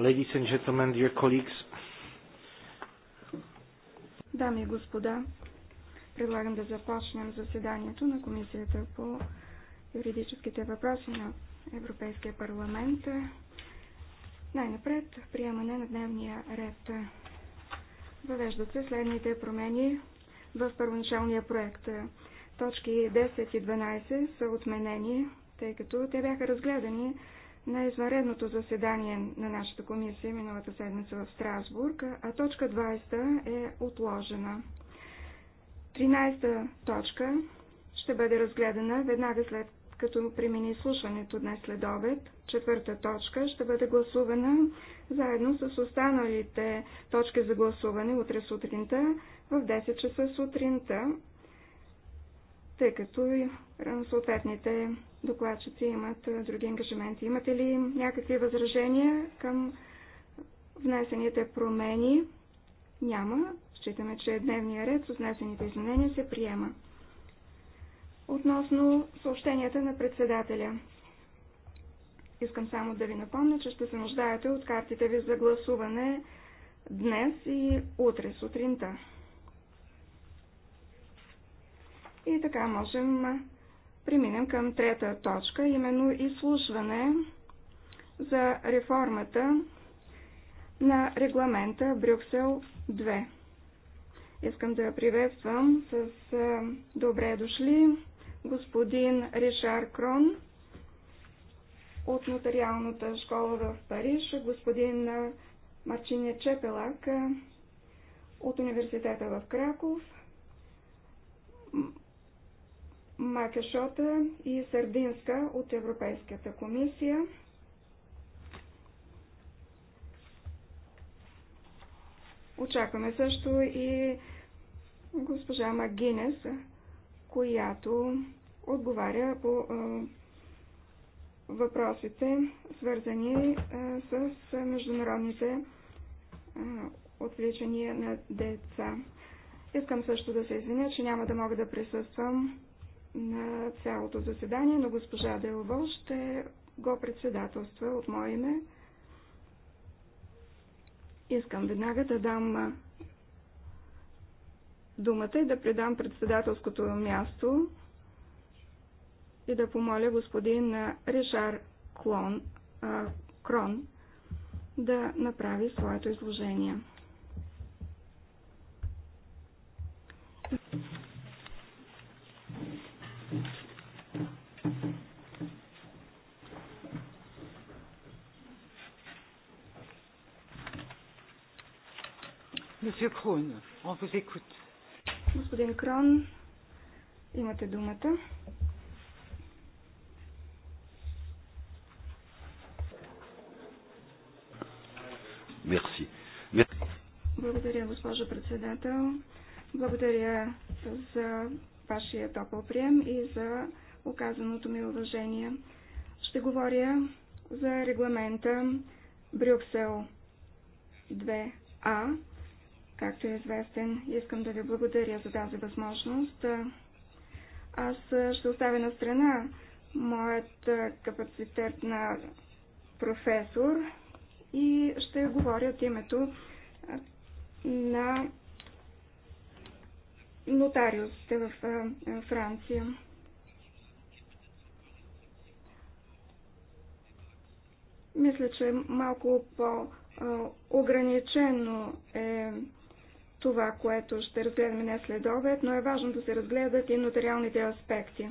Ladies and gentlemen, dear colleagues. Дами и господа, предлагам да започнем заседанието на Комисията по юридическите въпроси на Европейския парламент. Най-напред приемане на дневния ред. Въвеждат се следните промени в първоначалния проект. Точки 10 и 12 са отменени, тъй като те бяха разгледани на извънредното заседание на нашата комисия миналата седмица в Страсбург, а точка 20 е отложена. 13 точка ще бъде разгледана веднага след като премини слушането днес след обед. Четвърта точка ще бъде гласувана заедно с останалите точки за гласуване утре сутринта в 10 часа сутринта, тъй като съответните докладчици имат други ангажименти. Имате ли някакви възражения към внесените промени? Няма. Считаме, че дневния ред с внесените изменения се приема. Относно съобщенията на председателя. Искам само да ви напомня, че ще се нуждаете от картите ви за гласуване днес и утре сутринта. И така можем преминем към трета точка, именно изслушване за реформата на регламента Брюксел 2. Искам да приветствам с добре дошли господин Ришар Крон от нотариалната школа в Париж, господин Марчиня Чепелак от университета в Краков, Макешота и Сърдинска от Европейската комисия. Очакваме също и госпожа Магинес, която отговаря по въпросите, свързани с международните отвличания на деца. Искам също да се извиня, че няма да мога да присъствам на цялото заседание, но госпожа Делво ще го председателства от мое име. Искам веднага да дам думата и да предам председателското място и да помоля господин Решар Клон, а, Крон да направи своето изложение. Monsieur Kroon, on vous écoute. Господин Крон, имате думата. Мерси. Благодаря, госпожо председател. Благодаря за вашия топъл прием и за оказаното ми уважение. Ще говоря за регламента Брюксел 2А както е известен. Искам да ви благодаря за тази възможност. Аз ще оставя на страна моят капацитет на професор и ще говоря от името на нотариусите в Франция. Мисля, че малко по-ограничено е това, което ще разгледаме днес след обед, но е важно да се разгледат и нотариалните аспекти.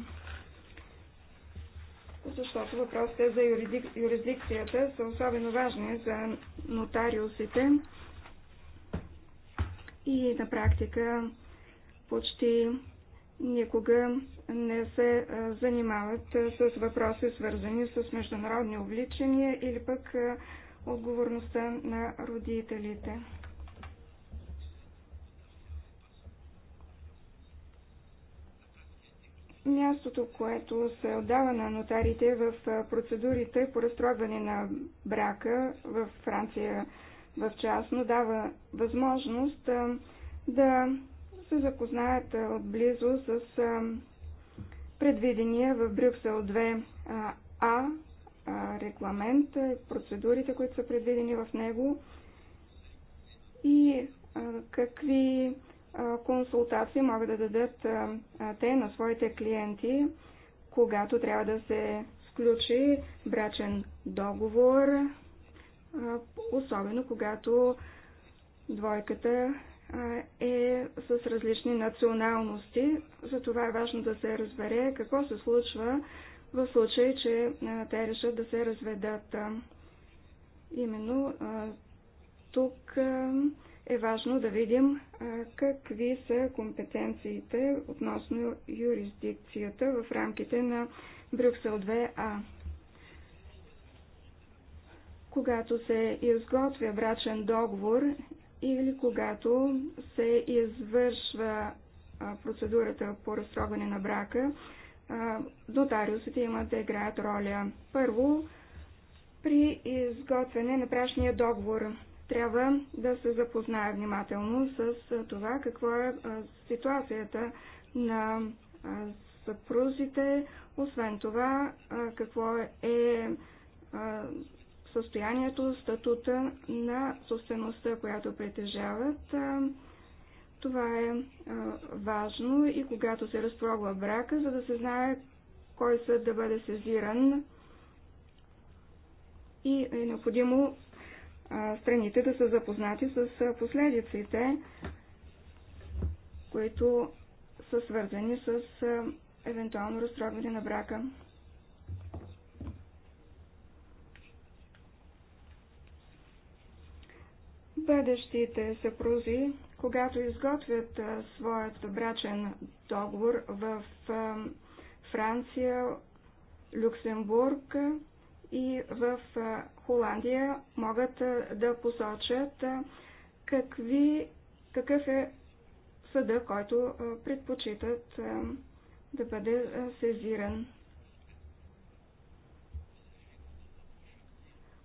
Защото въпросите за юридик... юрисдикцията са особено важни за нотариусите и на практика почти никога не се занимават с въпроси, свързани с международни обличания или пък отговорността на родителите. Мястото, което се отдава на нотарите в процедурите по разстройване на брака в Франция в частно, дава възможност да се запознаят отблизо с предвидения в Брюксел 2А регламент, процедурите, които са предвидени в него и какви консултации могат да дадат те на своите клиенти, когато трябва да се сключи брачен договор, особено когато двойката е с различни националности. Затова е важно да се разбере какво се случва в случай, че те решат да се разведат. Именно тук е важно да видим какви са компетенциите относно юрисдикцията в рамките на Брюксел 2А. Когато се изготвя брачен договор или когато се извършва процедурата по разтрогване на брака, нотариусите имат да играят роля. Първо, при изготвяне на брачния договор трябва да се запознае внимателно с това какво е ситуацията на съпрузите, освен това какво е състоянието, статута на собствеността, която притежават. Това е важно и когато се разтрогва брака, за да се знае кой съд да бъде сезиран и е необходимо страните да са запознати с последиците, които са свързани с евентуално разтрогване на брака. Бъдещите съпрузи, когато изготвят своят брачен договор в Франция, Люксембург, и в Холандия могат да посочат какви, какъв е съда, който предпочитат да бъде сезиран.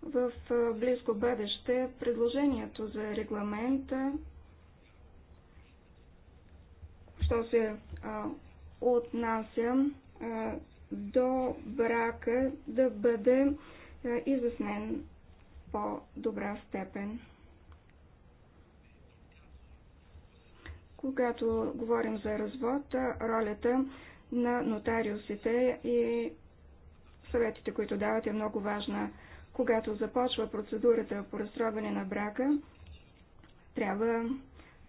В близко бъдеще предложението за регламента, що се отнася до брака да бъде е, изяснен по-добра степен. Когато говорим за развод, е, ролята на нотариусите и съветите, които дават е много важна. Когато започва процедурата по разстройване на брака, трябва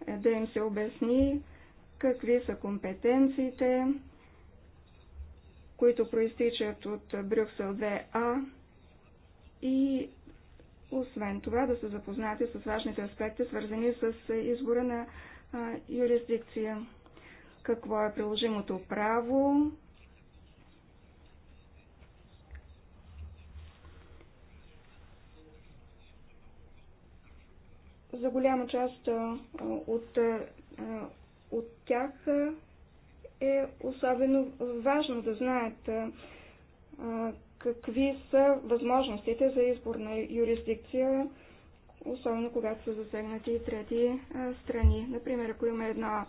е, да им се обясни какви са компетенциите, които проистичат от Брюксел 2А и освен това да се запознати с важните аспекти, свързани с избора на юрисдикция. Какво е приложимото право, за голяма част от, от тях е особено важно да знаят какви са възможностите за избор на юрисдикция, особено когато са засегнати и трети страни. Например, ако има една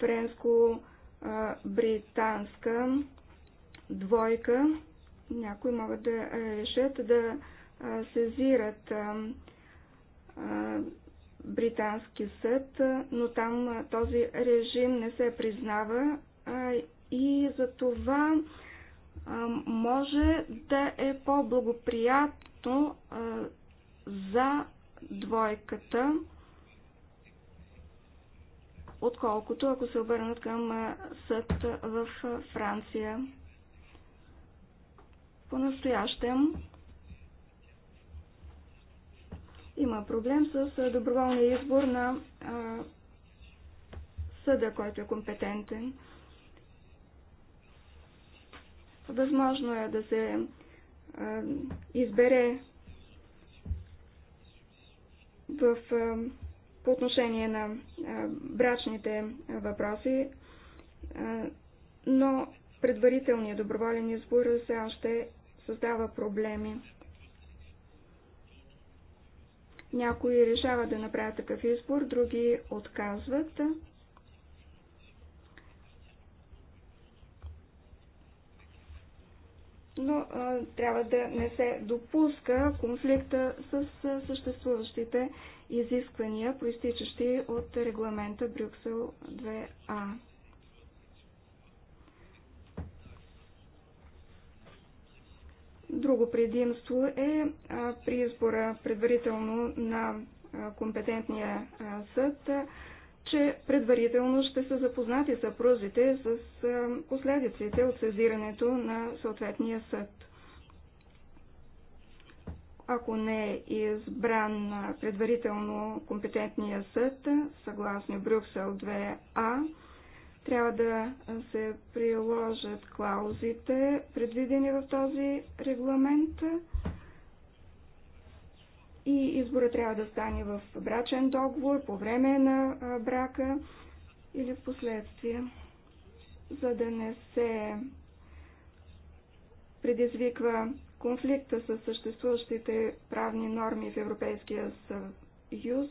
френско-британска двойка, някои могат да решат да сезират британски съд, но там този режим не се признава и за това може да е по-благоприятно за двойката, отколкото ако се обърнат към съд в Франция. По-настоящем има проблем с доброволния избор на съда, който е компетентен. Възможно е да се избере в, по отношение на брачните въпроси, но предварителният доброволен избор все още създава проблеми. Някои решават да направят такъв избор, други отказват. но а, трябва да не се допуска конфликта с съществуващите изисквания, проистичащи от регламента Брюксел 2А. Друго предимство е при избора предварително на компетентния съд, че предварително ще са запознати съпрузите с последиците от сезирането на съответния съд. Ако не е избран предварително компетентния съд, съгласно Брюксел 2А, трябва да се приложат клаузите, предвидени в този регламент. И избора трябва да стане в брачен договор, по време на брака или в последствие, за да не се предизвиква конфликта с съществуващите правни норми в Европейския съюз,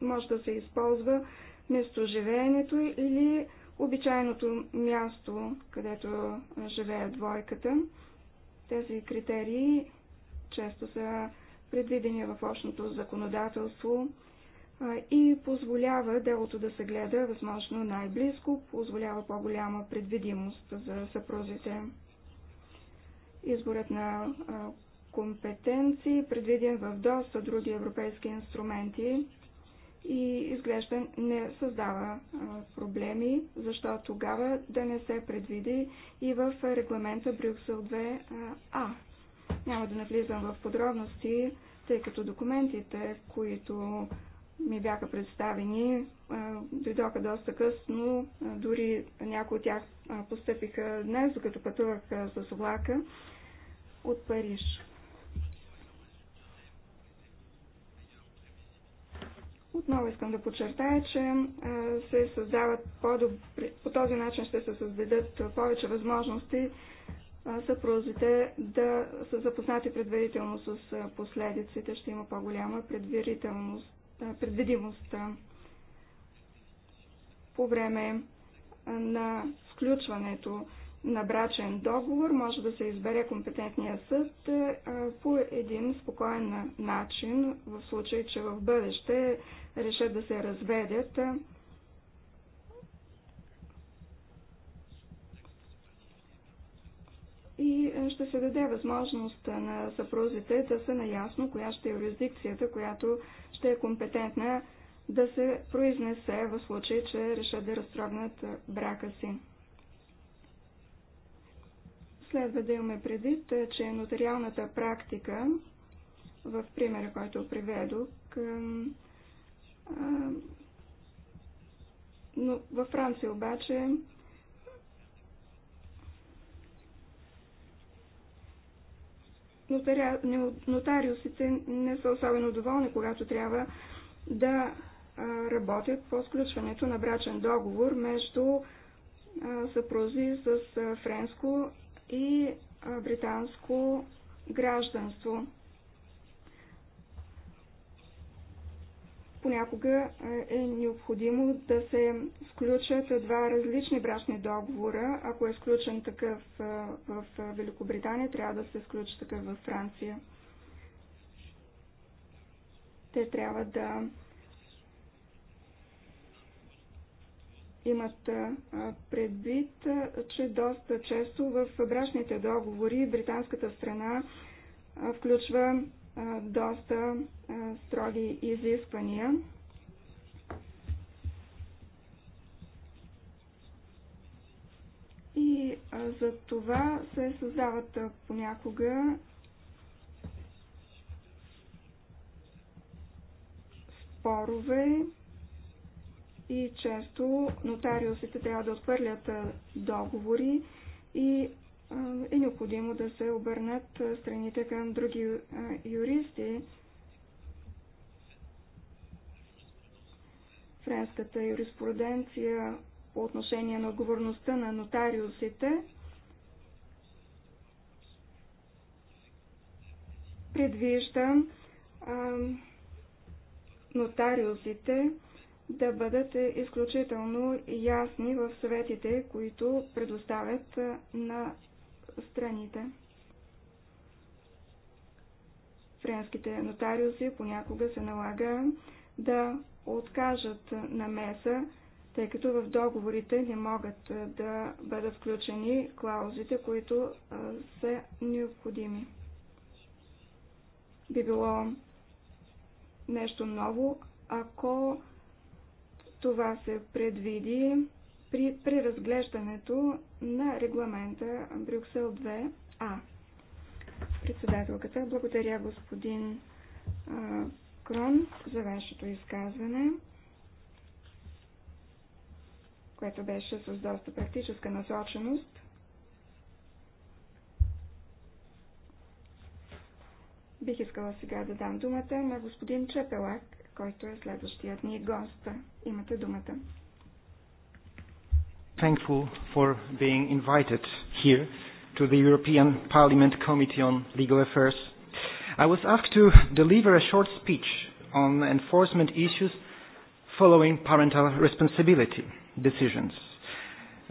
може да се използва местоживеенето или обичайното място, където живее двойката. Тези критерии често са предвидени в общното законодателство и позволява делото да се гледа възможно най-близко, позволява по-голяма предвидимост за съпрузите. Изборът на компетенции, предвиден в доста други европейски инструменти, и изглежда не създава проблеми, защо тогава да не се предвиди и в регламента Брюксел 2А. Няма да навлизам в подробности, тъй като документите, които ми бяха представени, дойдоха доста късно, дори някои от тях постъпиха днес, докато пътувах с облака от Париж. Отново искам да подчертая, че се създават по-добри, по този начин ще се създадат повече възможности съпрузите да са запознати предварително с последиците, ще има по-голяма предвидимост по време на сключването на брачен договор може да се избере компетентния съд по един спокоен начин, в случай, че в бъдеще решат да се разведят. И е, ще се даде възможност на съпрузите да са наясно, коя ще е юрисдикцията, която ще е компетентна да се произнесе в случай, че решат да разтрогнат брака си. Следва да имаме предвид, е, че нотариалната практика, в примера, който приведох, но във Франция обаче нотариусите не са особено доволни, когато трябва да работят по сключването на брачен договор между съпрузи с френско и британско гражданство. понякога е, е необходимо да се сключат два различни брачни договора. Ако е сключен такъв е, в Великобритания, трябва да се сключи такъв в Франция. Те трябва да имат е, предвид, че доста често в брачните договори британската страна включва доста строги изисквания. И за това се създават понякога спорове и често нотариусите трябва да отхвърлят договори и е необходимо да се обърнат страните към други юристи. Френската юриспруденция по отношение на отговорността на нотариусите предвижда а, нотариусите да бъдат е, изключително ясни в съветите, които предоставят на страните. Френските нотариуси понякога се налага да откажат намеса, тъй като в договорите не могат да бъдат включени клаузите, които са необходими. Би било нещо ново, ако това се предвиди при разглеждането на регламента Брюксел 2А. Председателката, благодаря господин а, Крон за вашето изказване, което беше с доста практическа насоченост. Бих искала сега да дам думата на господин Чепелак, който е следващият ни гост. Имате думата thankful for being invited here to the European Parliament Committee on Legal Affairs. I was asked to deliver a short speech on enforcement issues following parental responsibility decisions.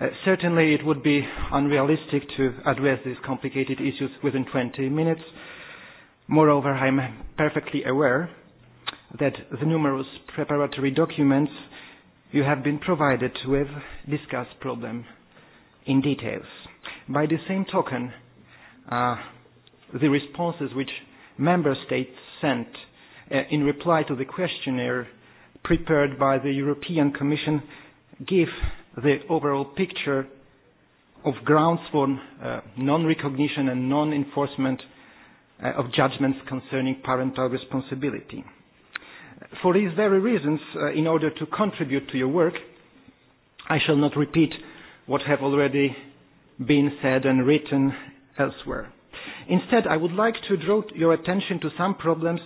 Uh, certainly, it would be unrealistic to address these complicated issues within 20 minutes. Moreover, I'm perfectly aware that the numerous preparatory documents you have been provided with discussed problem in details. By the same token, uh, the responses which member states sent uh, in reply to the questionnaire prepared by the European Commission give the overall picture of grounds for uh, non-recognition and non-enforcement uh, of judgments concerning parental responsibility. For these very reasons, uh, in order to contribute to your work, I shall not repeat what have already been said and written elsewhere. Instead, I would like to draw your attention to some problems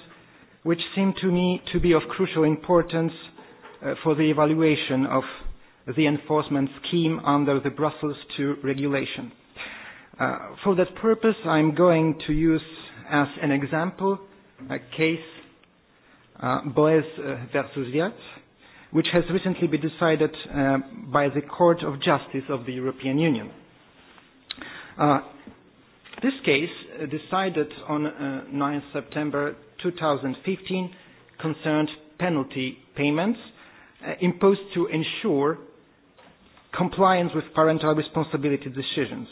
which seem to me to be of crucial importance uh, for the evaluation of the enforcement scheme under the Brussels II regulation. Uh, for that purpose, I'm going to use as an example a case uh, versus Viat, which has recently been decided uh, by the Court of Justice of the European Union. Uh, this case, decided on uh, 9 September 2015, concerned penalty payments uh, imposed to ensure compliance with parental responsibility decisions.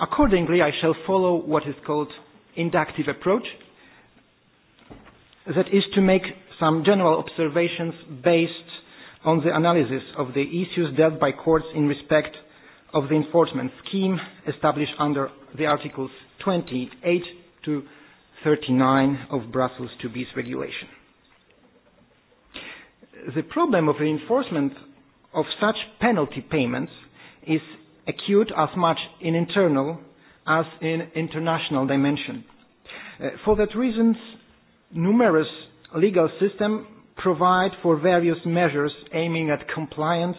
Accordingly, I shall follow what is called inductive approach, that is to make some general observations based on the analysis of the issues dealt by courts in respect of the enforcement scheme established under the Articles 28 to 39 of Brussels IIB's regulation. The problem of the enforcement of such penalty payments is acute as much in internal as in international dimension. Uh, for that reasons, numerous legal systems provide for various measures aiming at compliance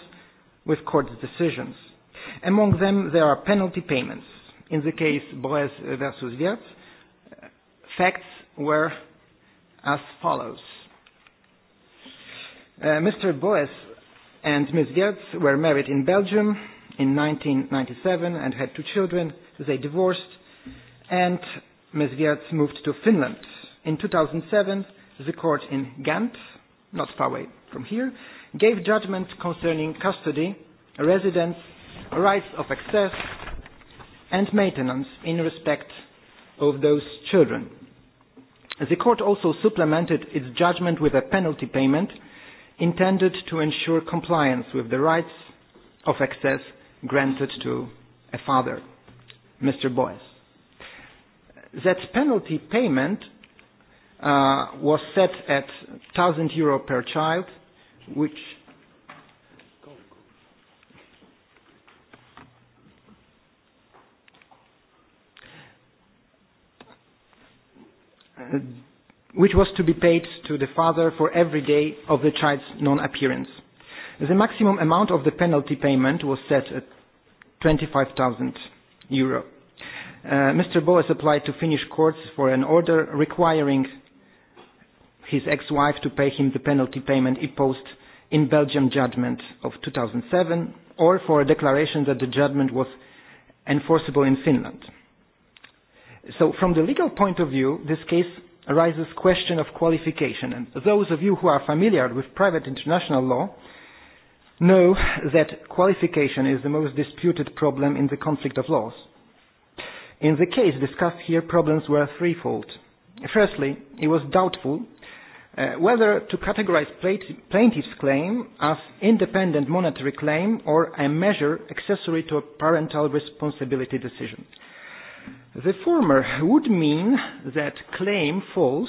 with court decisions. Among them, there are penalty payments. In the case Boes versus Wirtz, facts were as follows. Uh, Mr. Boes and Ms. Wirtz were married in Belgium in 1997 and had two children. They divorced, and Ms. Wirtz moved to Finland In 2007, the court in Ghent, not far away from here, gave judgment concerning custody, residence, rights of access, and maintenance in respect of those children. The court also supplemented its judgment with a penalty payment intended to ensure compliance with the rights of access granted to a father, Mr. Boyce. That penalty payment uh, was set at 1,000 euro per child, which which was to be paid to the father for every day of the child's non-appearance. The maximum amount of the penalty payment was set at 25,000 euro. Uh, Mr. Boas applied to Finnish courts for an order requiring his ex-wife to pay him the penalty payment imposed in Belgium judgment of 2007 or for a declaration that the judgment was enforceable in Finland. So from the legal point of view, this case arises question of qualification. And those of you who are familiar with private international law know that qualification is the most disputed problem in the conflict of laws. In the case discussed here, problems were threefold. Firstly, it was doubtful whether to categorize plaintiff's claim as independent monetary claim or a measure accessory to a parental responsibility decision. The former would mean that claim falls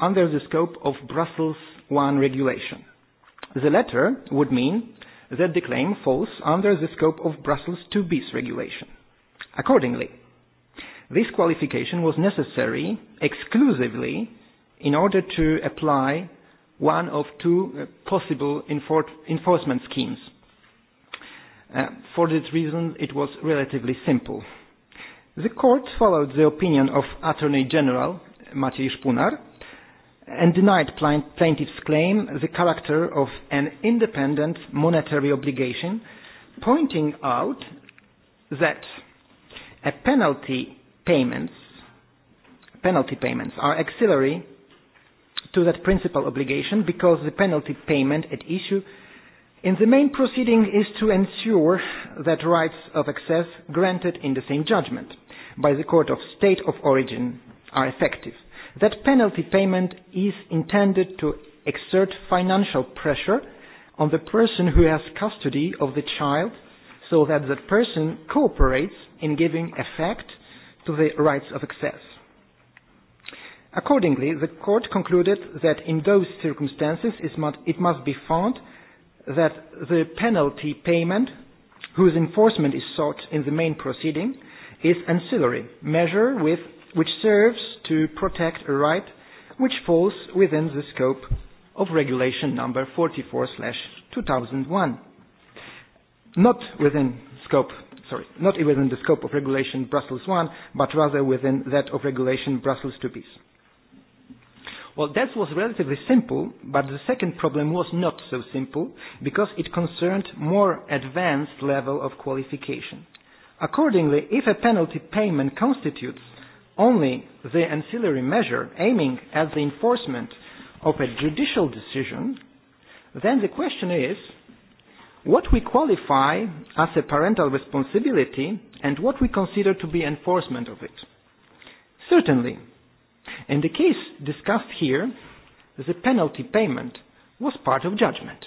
under the scope of Brussels I regulation. The latter would mean that the claim falls under the scope of Brussels IIb's regulation. Accordingly, this qualification was necessary exclusively in order to apply one of two possible enforcement schemes. For this reason, it was relatively simple. The court followed the opinion of Attorney General Maciej Szpunar and denied plaintiff's claim the character of an independent monetary obligation, pointing out that a penalty payments penalty payments are auxiliary to that principal obligation because the penalty payment at issue in the main proceeding is to ensure that rights of access granted in the same judgment by the court of state of origin are effective. That penalty payment is intended to exert financial pressure on the person who has custody of the child so that that person cooperates in giving effect to the rights of access. Accordingly, the court concluded that in those circumstances it must, be found that the penalty payment, whose enforcement is sought in the main proceeding, is ancillary measure with, which serves to protect a right which falls within the scope of regulation number 44/2001 not within scope sorry not within the scope of regulation brussels 1 but rather within that of regulation brussels 2 piece. Well, that was relatively simple, but the second problem was not so simple because it concerned more advanced level of qualification. Accordingly, if a penalty payment constitutes only the ancillary measure aiming at the enforcement of a judicial decision, then the question is what we qualify as a parental responsibility and what we consider to be enforcement of it. Certainly, And the case discussed here, the penalty payment, was part of judgment.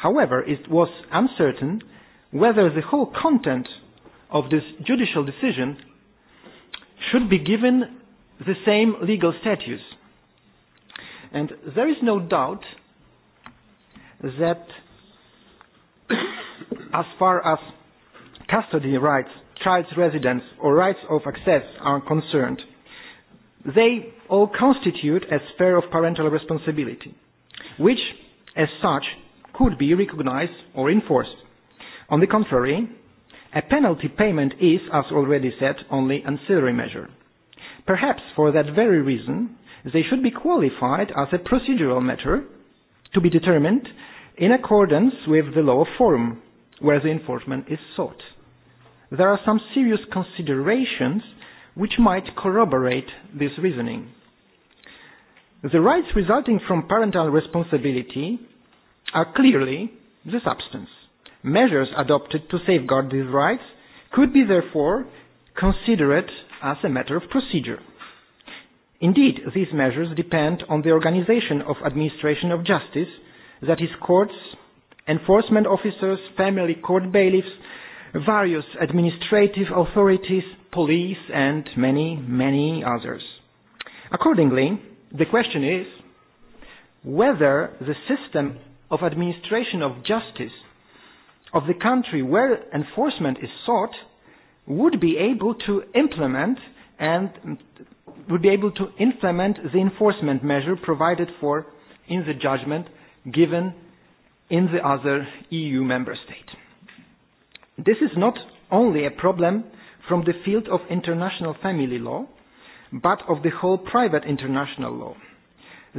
However, it was uncertain whether the whole content of this judicial decision should be given the same legal status. And there is no doubt that as far as custody rights, child residence, or rights of access are concerned, They all constitute a sphere of parental responsibility, which, as such, could be recognized or enforced. On the contrary, a penalty payment is, as already said, only an ancillary measure. Perhaps for that very reason, they should be qualified as a procedural matter to be determined in accordance with the law of forum where the enforcement is sought. There are some serious considerations which might corroborate this reasoning. The rights resulting from parental responsibility are clearly the substance. Measures adopted to safeguard these rights could be therefore considered as a matter of procedure. Indeed, these measures depend on the organization of administration of justice, that is courts, enforcement officers, family court bailiffs, various administrative authorities, police, and many, many others. Accordingly, the question is whether the system of administration of justice of the country where enforcement is sought would be able to implement and would be able to implement the enforcement measure provided for in the judgment given in the other EU member state. This is not only a problem from the field of international family law, but of the whole private international law.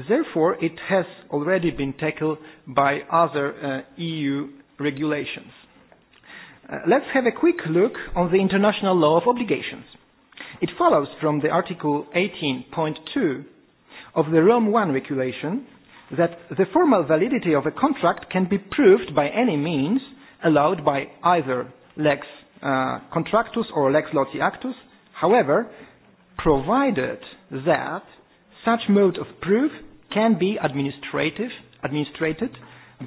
Therefore, it has already been tackled by other uh, EU regulations. Uh, let's have a quick look on the international law of obligations. It follows from the Article 18.2 of the Rome I regulation that the formal validity of a contract can be proved by any means – allowed by either lex uh, contractus or lex loci actus, however, provided that such mode of proof can be administrative, administrated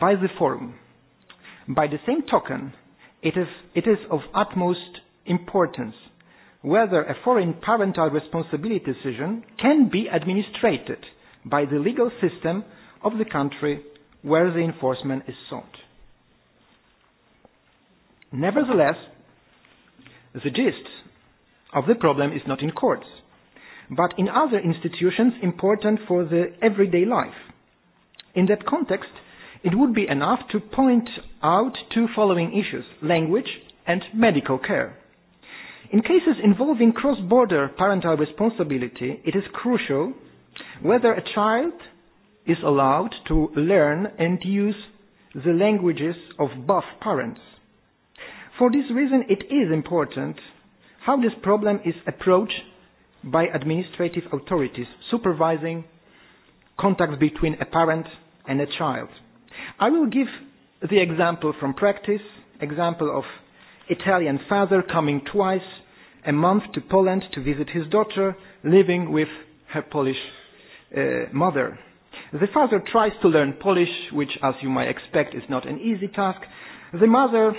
by the forum. By the same token, it is, it is of utmost importance whether a foreign parental responsibility decision can be administrated by the legal system of the country where the enforcement is sought. Nevertheless, the gist of the problem is not in courts, but in other institutions important for the everyday life. In that context, it would be enough to point out two following issues language and medical care. In cases involving cross border parental responsibility, it is crucial whether a child is allowed to learn and use the languages of both parents. For this reason, it is important how this problem is approached by administrative authorities supervising contacts between a parent and a child. I will give the example from practice, example of Italian father coming twice a month to Poland to visit his daughter, living with her Polish uh, mother. The father tries to learn Polish, which, as you might expect, is not an easy task. The mother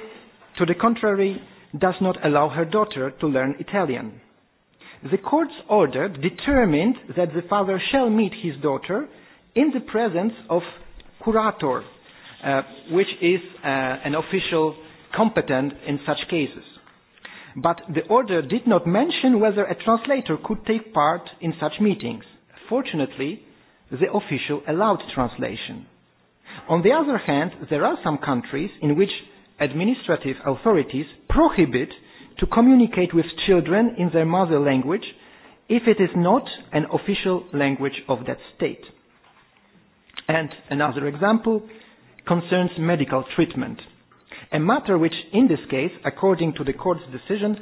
to the contrary, does not allow her daughter to learn Italian. The court's order determined that the father shall meet his daughter in the presence of curator, uh, which is uh, an official competent in such cases. But the order did not mention whether a translator could take part in such meetings. Fortunately, the official allowed translation. On the other hand, there are some countries in which administrative authorities prohibit to communicate with children in their mother language if it is not an official language of that state. And another example concerns medical treatment, a matter which in this case, according to the court's decision,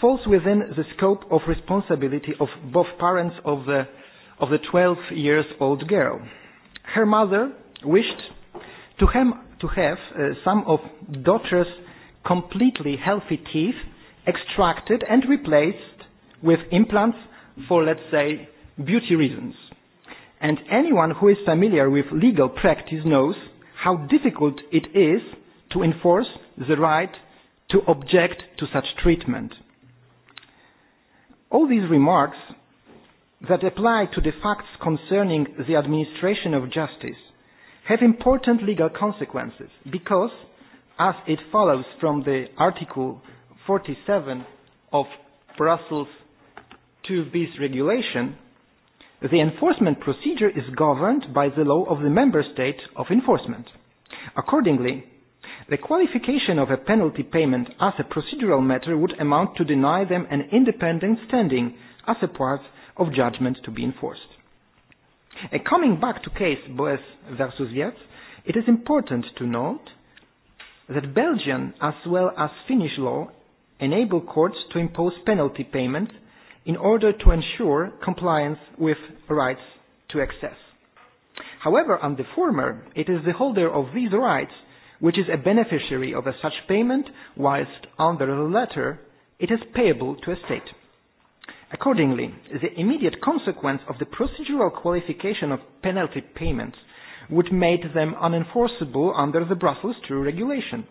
falls within the scope of responsibility of both parents of the, of the 12 years old girl. Her mother wished to, have to have uh, some of daughter's completely healthy teeth extracted and replaced with implants for, let's say, beauty reasons. And anyone who is familiar with legal practice knows how difficult it is to enforce the right to object to such treatment. All these remarks that apply to the facts concerning the administration of justice have important legal consequences because, as it follows from the Article 47 of Brussels 2 bis regulation, the enforcement procedure is governed by the law of the member state of enforcement. Accordingly, the qualification of a penalty payment as a procedural matter would amount to deny them an independent standing as a part of judgment to be enforced. And coming back to case Boes versus Wirtz, it is important to note that Belgian as well as Finnish law enable courts to impose penalty payments in order to ensure compliance with rights to access. However, on the former, it is the holder of these rights which is a beneficiary of a such payment, whilst under the latter, it is payable to a state. Accordingly, the immediate consequence of the procedural qualification of penalty payments would make them unenforceable under the Brussels II regulation.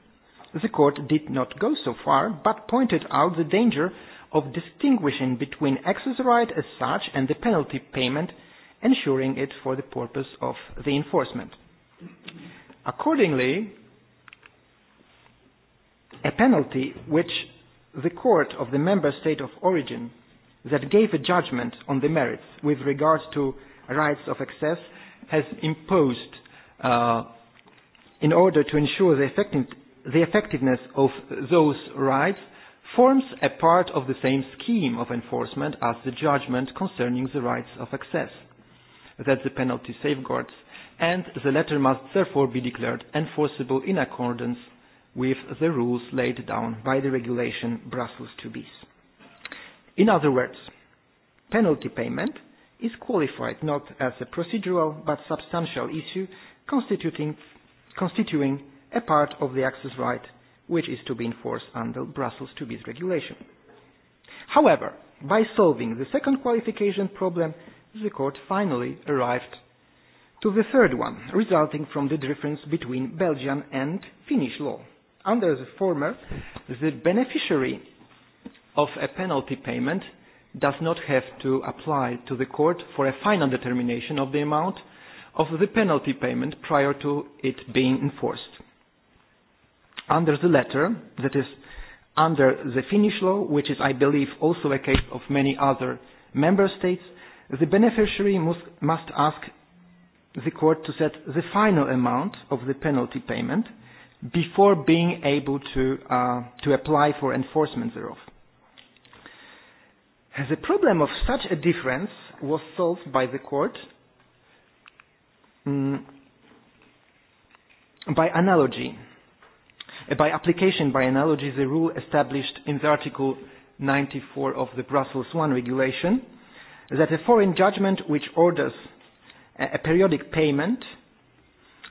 The court did not go so far, but pointed out the danger of distinguishing between access right as such and the penalty payment, ensuring it for the purpose of the enforcement. Accordingly, a penalty which the court of the member state of origin that gave a judgment on the merits with regard to rights of access has imposed uh, in order to ensure the, effective, the effectiveness of those rights forms a part of the same scheme of enforcement as the judgment concerning the rights of access that the penalty safeguards, and the latter must therefore be declared enforceable in accordance with the rules laid down by the regulation Brussels 2 bis. In other words, penalty payment is qualified not as a procedural but substantial issue constituting, constituting a part of the access right which is to be enforced under Brussels IIB's regulation. However, by solving the second qualification problem, the court finally arrived to the third one, resulting from the difference between Belgian and Finnish law. Under the former, the beneficiary of a penalty payment does not have to apply to the court for a final determination of the amount of the penalty payment prior to it being enforced. Under the letter, that is, under the Finnish law, which is, I believe, also a case of many other member states, the beneficiary must, must ask the court to set the final amount of the penalty payment before being able to, uh, to apply for enforcement thereof the problem of such a difference was solved by the court um, by analogy, by application by analogy, the rule established in the Article 94 of the Brussels I regulation that a foreign judgment which orders a periodic payment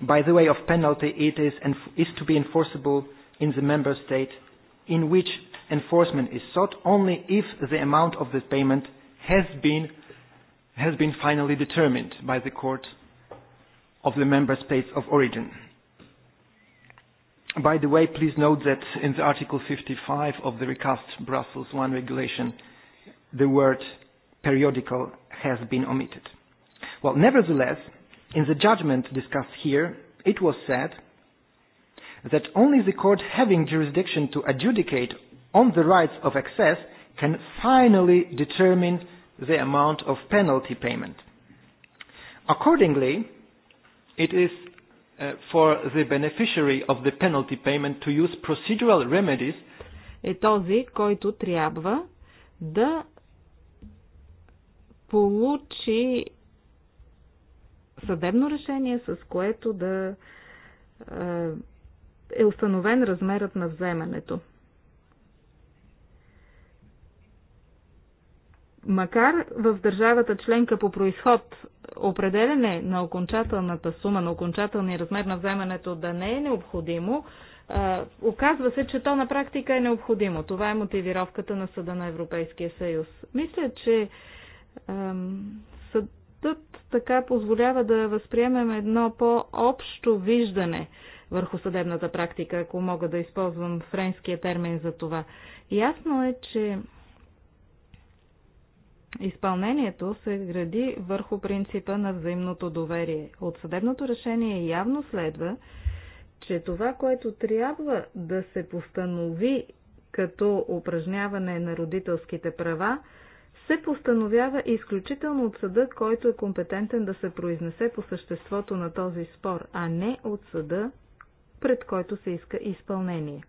by the way of penalty it is, enf- is to be enforceable in the member state in which enforcement is sought only if the amount of the payment has been, has been finally determined by the court of the member states of origin. By the way, please note that in the Article 55 of the recast Brussels I regulation, the word periodical has been omitted. Well, nevertheless, in the judgment discussed here, it was said that only the court having jurisdiction to adjudicate on the rights of access can finally determine the amount of penalty payment. Accordingly, it is uh, for the beneficiary of the penalty payment to use procedural remedies е този, който трябва да получи съдебно решение, с което да е установен размерът на вземането. Макар в държавата членка по происход определене на окончателната сума, на окончателния размер на вземането да не е необходимо, оказва се, че то на практика е необходимо. Това е мотивировката на Съда на Европейския съюз. Мисля, че съдът така позволява да възприемем едно по-общо виждане върху съдебната практика, ако мога да използвам френския термин за това. Ясно е, че Изпълнението се гради върху принципа на взаимното доверие. От съдебното решение явно следва, че това, което трябва да се постанови като упражняване на родителските права, се постановява изключително от съда, който е компетентен да се произнесе по съществото на този спор, а не от съда, пред който се иска изпълнение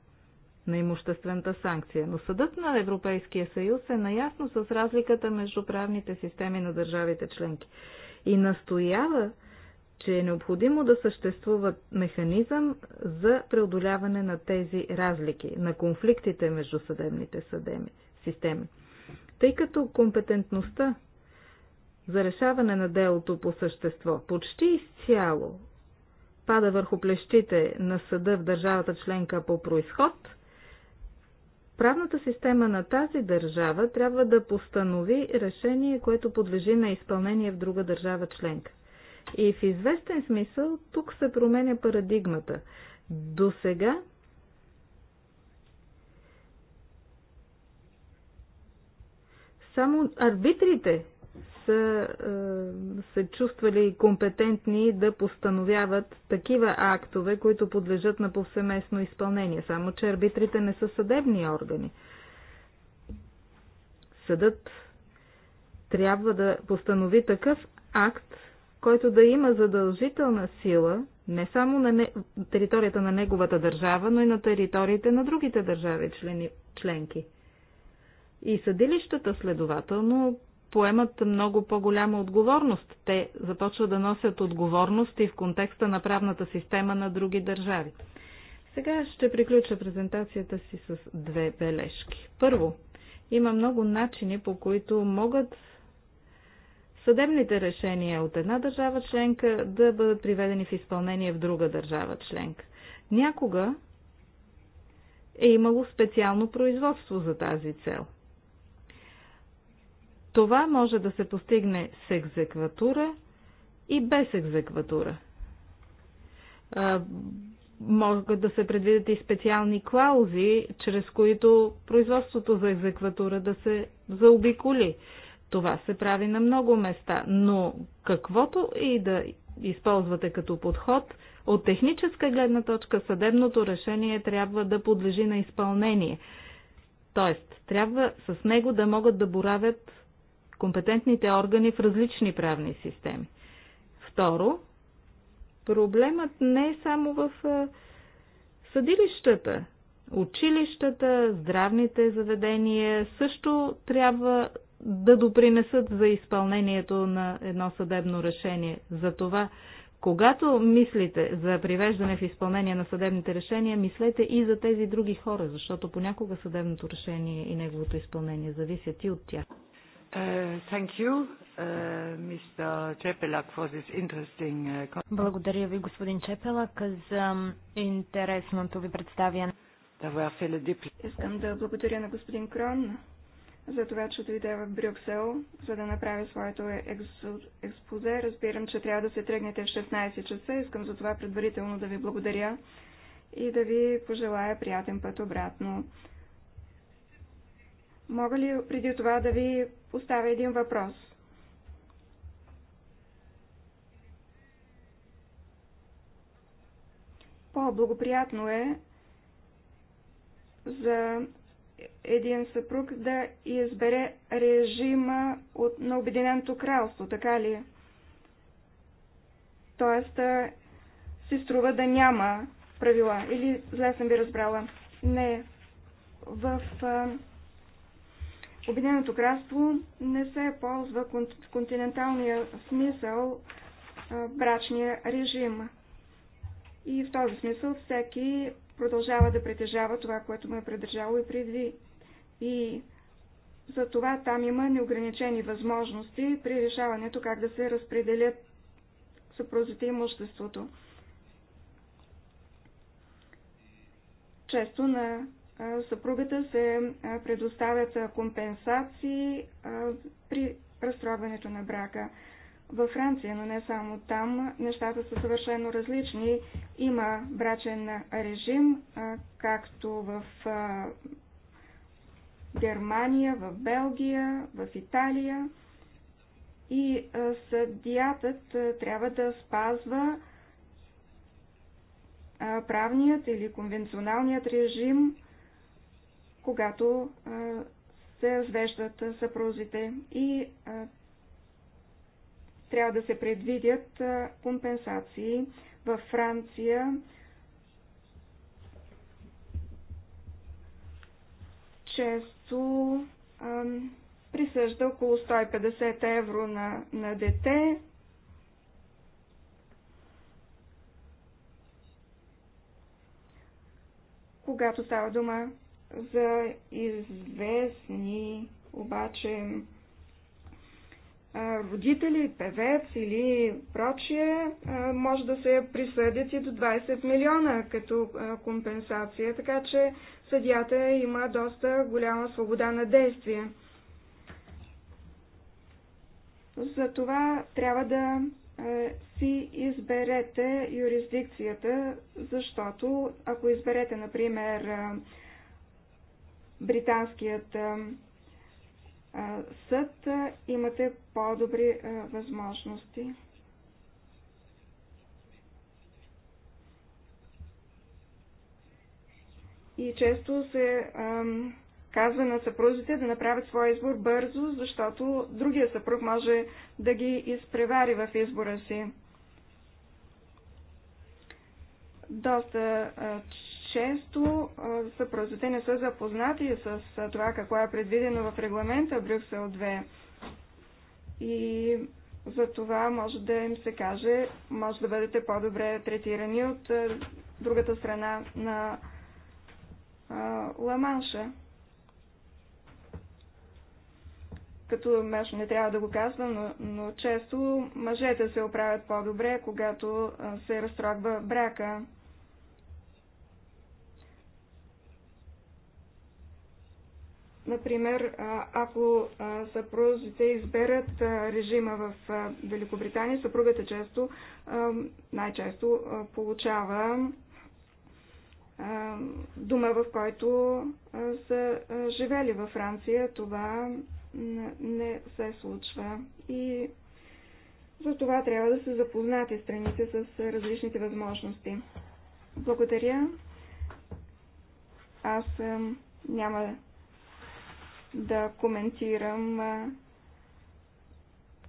на имуществената санкция. Но съдът на Европейския съюз е наясно с разликата между правните системи на държавите членки и настоява, че е необходимо да съществува механизъм за преодоляване на тези разлики, на конфликтите между съдебните съдеми, системи. Тъй като компетентността за решаване на делото по същество почти изцяло пада върху плещите на съда в държавата членка по происход, Правната система на тази държава трябва да постанови решение, което подлежи на изпълнение в друга държава членка. И в известен смисъл тук се променя парадигмата. До сега само арбитрите са се чувствали компетентни да постановяват такива актове, които подлежат на повсеместно изпълнение. Само, че арбитрите не са съдебни органи. Съдът трябва да постанови такъв акт, който да има задължителна сила не само на не... територията на неговата държава, но и на териториите на другите държави члени... членки. И съдилищата, следователно, поемат много по-голяма отговорност. Те започват да носят отговорности в контекста на правната система на други държави. Сега ще приключа презентацията си с две бележки. Първо, има много начини, по които могат съдебните решения от една държава членка да бъдат приведени в изпълнение в друга държава членка. Някога е имало специално производство за тази цел – това може да се постигне с екзекватура и без екзекватура. Могат да се предвидят и специални клаузи, чрез които производството за екзекватура да се заобиколи. Това се прави на много места, но каквото и да използвате като подход, от техническа гледна точка съдебното решение трябва да подлежи на изпълнение. Тоест, трябва с него да могат да боравят компетентните органи в различни правни системи. Второ, проблемът не е само в съдилищата. Училищата, здравните заведения също трябва да допринесат за изпълнението на едно съдебно решение. Затова, когато мислите за привеждане в изпълнение на съдебните решения, мислете и за тези други хора, защото понякога съдебното решение и неговото изпълнение зависят и от тях. Uh, thank you, Чепелак, uh, for this interesting... Uh, благодаря ви, господин Чепелак, за интересното ви представяне. Искам да благодаря на господин Крон за това, че дойде в Брюксел, за да направи своето експозе. Разбирам, че трябва да се тръгнете в 16 часа. Искам за това предварително да ви благодаря и да ви пожелая приятен път обратно. Мога ли преди това да ви поставя един въпрос. По-благоприятно е за един съпруг да избере режима от, на Обединеното кралство, така ли? Тоест, си струва да няма правила. Или зле съм ви разбрала. Не. В а, Обединеното кралство не се ползва в континенталния смисъл брачния режим. И в този смисъл всеки продължава да притежава това, което му е придържало и преди. И за това там има неограничени възможности при решаването как да се разпределят съпрузите и имуществото. Често на съпругата се предоставят компенсации при разстройването на брака. Във Франция, но не само там, нещата са съвършено различни. Има брачен режим, както в Германия, в Белгия, в Италия. И съдиятът трябва да спазва правният или конвенционалният режим когато се развеждат съпрузите и трябва да се предвидят компенсации. Във Франция често присъжда около 150 евро на, на дете. Когато става дума за известни обаче родители, певец или прочие, може да се присъдят и до 20 милиона като компенсация, така че съдята има доста голяма свобода на действие. За това трябва да си изберете юрисдикцията, защото ако изберете, например, британският съд, имате по-добри възможности. И често се а, казва на съпрузите да направят своя избор бързо, защото другия съпруг може да ги изпревари в избора си. Доста а, често съпръзите не са запознати с това какво е предвидено в регламента Брюксел 2. И за това може да им се каже, може да бъдете по-добре третирани от другата страна на Ламанша. Като мъж не трябва да го казвам, но, но често мъжете се оправят по-добре, когато се разтрогва брака. Например, ако съпрузите изберат режима в Великобритания, съпругата често, най-често получава дума, в който са живели във Франция. Това не се случва. И за това трябва да се запознати страните с различните възможности. Благодаря. Аз няма да коментирам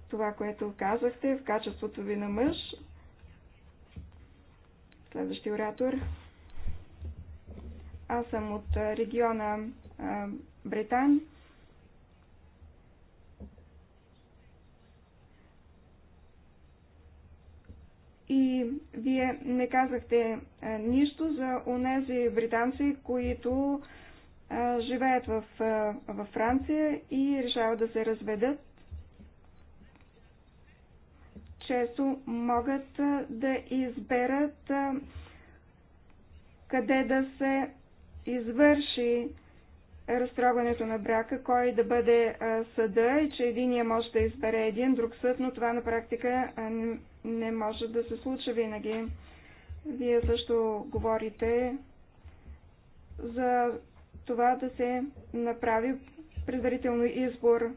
това, което казахте в качеството ви на мъж. Следващия оратор. Аз съм от региона Британ. И вие не казахте нищо за онези британци, които живеят в, във Франция и решават да се разведат, често могат да изберат къде да се извърши разтрогването на брака, кой да бъде съда и че единия може да избере един друг съд, но това на практика не може да се случи винаги. Вие също говорите за това да се направи предварително избор.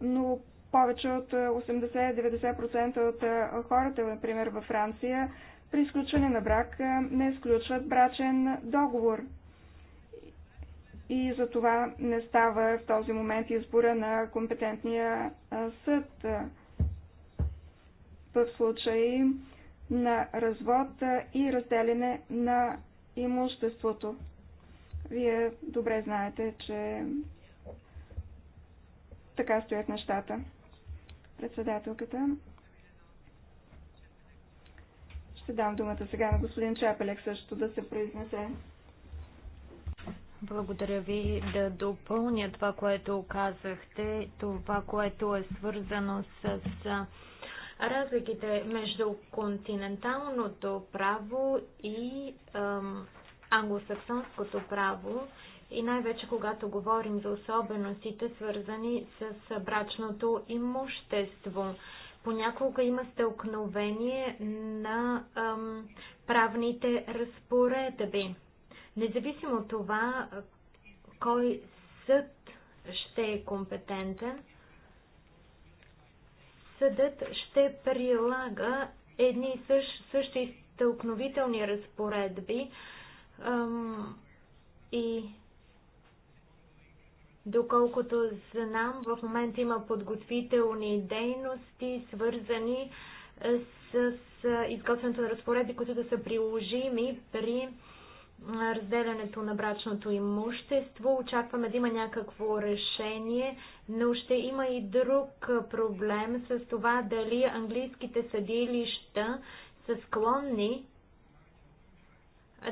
Но повече от 80-90% от хората, например във Франция, при изключване на брак не изключват брачен договор. И за това не става в този момент избора на компетентния съд. В случай на развод и разделяне на имуществото. Вие добре знаете, че така стоят нещата. Председателката. Ще дам думата сега на господин Чапелек също да се произнесе. Благодаря ви да допълня това, което казахте, това, което е свързано с разликите между континенталното право и ам, англосаксонското право и най-вече когато говорим за особеностите, свързани с брачното имущество. Понякога има стълкновение на ам, правните разпоредби. Независимо от това, кой съд ще е компетентен, съдът ще прилага едни и същ, същи стълкновителни разпоредби ам, и доколкото знам, в момента има подготвителни дейности, свързани с изготвянето на разпоредби, които да са приложими при разделянето на брачното имущество. Очакваме да има някакво решение, но ще има и друг проблем с това дали английските съдилища са склонни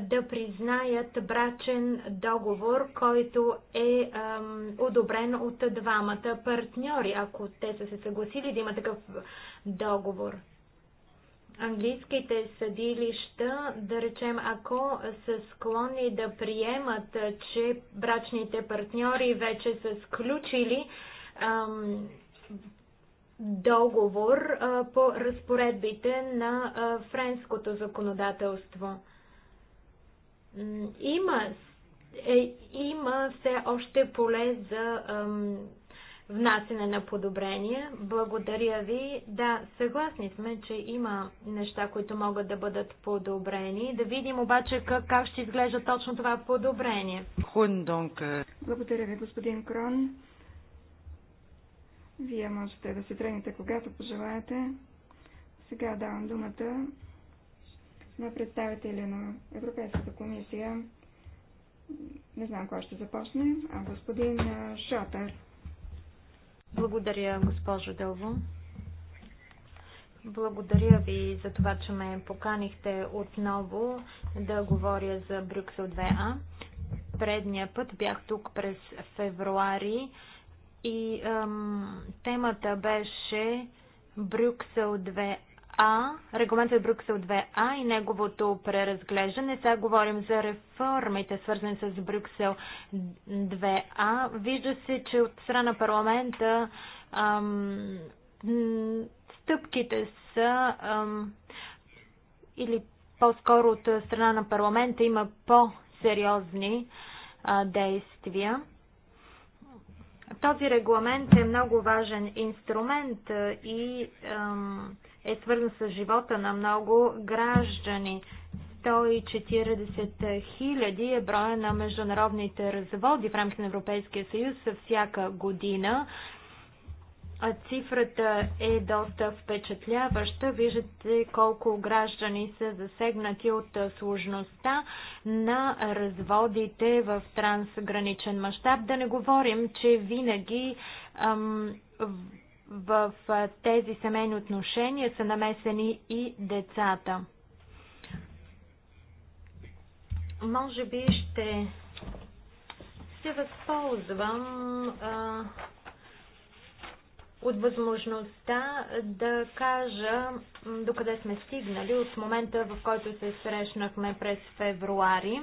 да признаят брачен договор, който е ем, одобрен от двамата партньори, ако те са се съгласили да има такъв договор английските съдилища, да речем, ако са склонни да приемат, че брачните партньори вече са сключили ам, договор а, по разпоредбите на а, френското законодателство. Има, е, има все още поле за ам, внасене на подобрения. Благодаря ви. Да, съгласни сме, че има неща, които могат да бъдат подобрени. Да видим обаче как, как ще изглежда точно това подобрение. Е. Благодаря ви, господин Крон. Вие можете да се тръгнете, когато пожелаете. Сега давам думата на представителя на Европейската комисия. Не знам кой ще започне, а господин Шотър. Благодаря, госпожо Дълво. Благодаря ви за това, че ме поканихте отново да говоря за Брюксел 2А. Предния път бях тук през февруари и ем, темата беше Брюксел 2 а, регламентът Брюксел 2А и неговото преразглеждане. Сега говорим за реформите, свързани с Брюксел 2А. Вижда се, че от страна парламента ам, стъпките са ам, или по-скоро от страна на парламента има по-сериозни действия. Този регламент е много важен инструмент и ам, е свързан с живота на много граждани. 140 хиляди е броя на международните разводи в рамките на Европейския съюз всяка година. А цифрата е доста впечатляваща. Виждате колко граждани са засегнати от сложността на разводите в трансграничен мащаб. Да не говорим, че винаги ам, в тези семейни отношения са намесени и децата. Може би ще се възползвам а, от възможността да кажа докъде сме стигнали от момента, в който се срещнахме през февруари.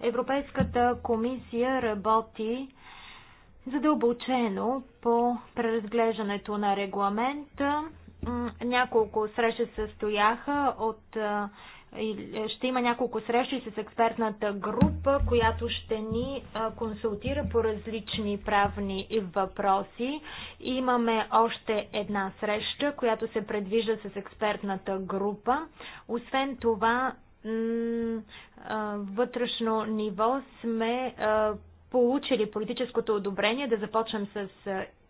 Европейската комисия работи задълбочено по преразглеждането на регламента. Няколко срещи състояха от е, ще има няколко срещи с експертната група, която ще ни консултира по различни правни въпроси. Имаме още една среща, която се предвижда с експертната група. Освен това, вътрешно ниво сме получили политическото одобрение да започнем с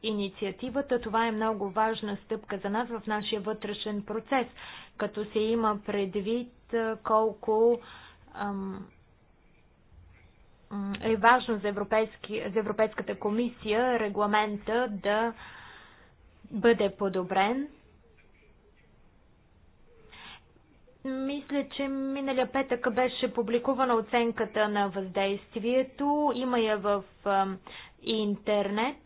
инициативата. Това е много важна стъпка за нас в нашия вътрешен процес, като се има предвид колко ам, е важно за, Европейски, за Европейската комисия регламента да бъде подобрен. Мисля, че миналия петък беше публикувана оценката на въздействието. Има я в интернет.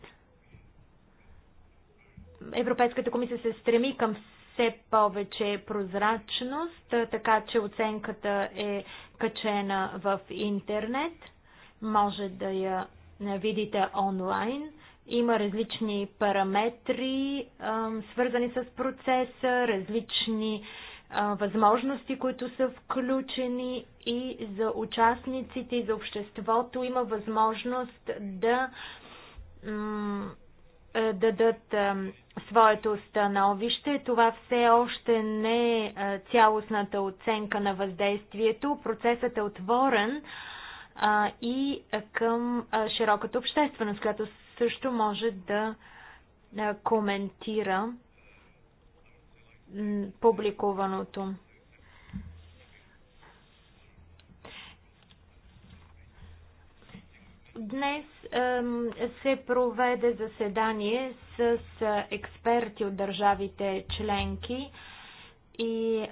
Европейската комисия се стреми към все повече прозрачност, така че оценката е качена в интернет. Може да я видите онлайн. Има различни параметри, свързани с процеса, различни възможности, които са включени и за участниците и за обществото има възможност да е, дадат е, своето становище. Това все още не е, е цялостната оценка на въздействието. Процесът е отворен и към широката общественост, която също може да коментира публикуваното. Днес се проведе заседание с експерти от държавите членки и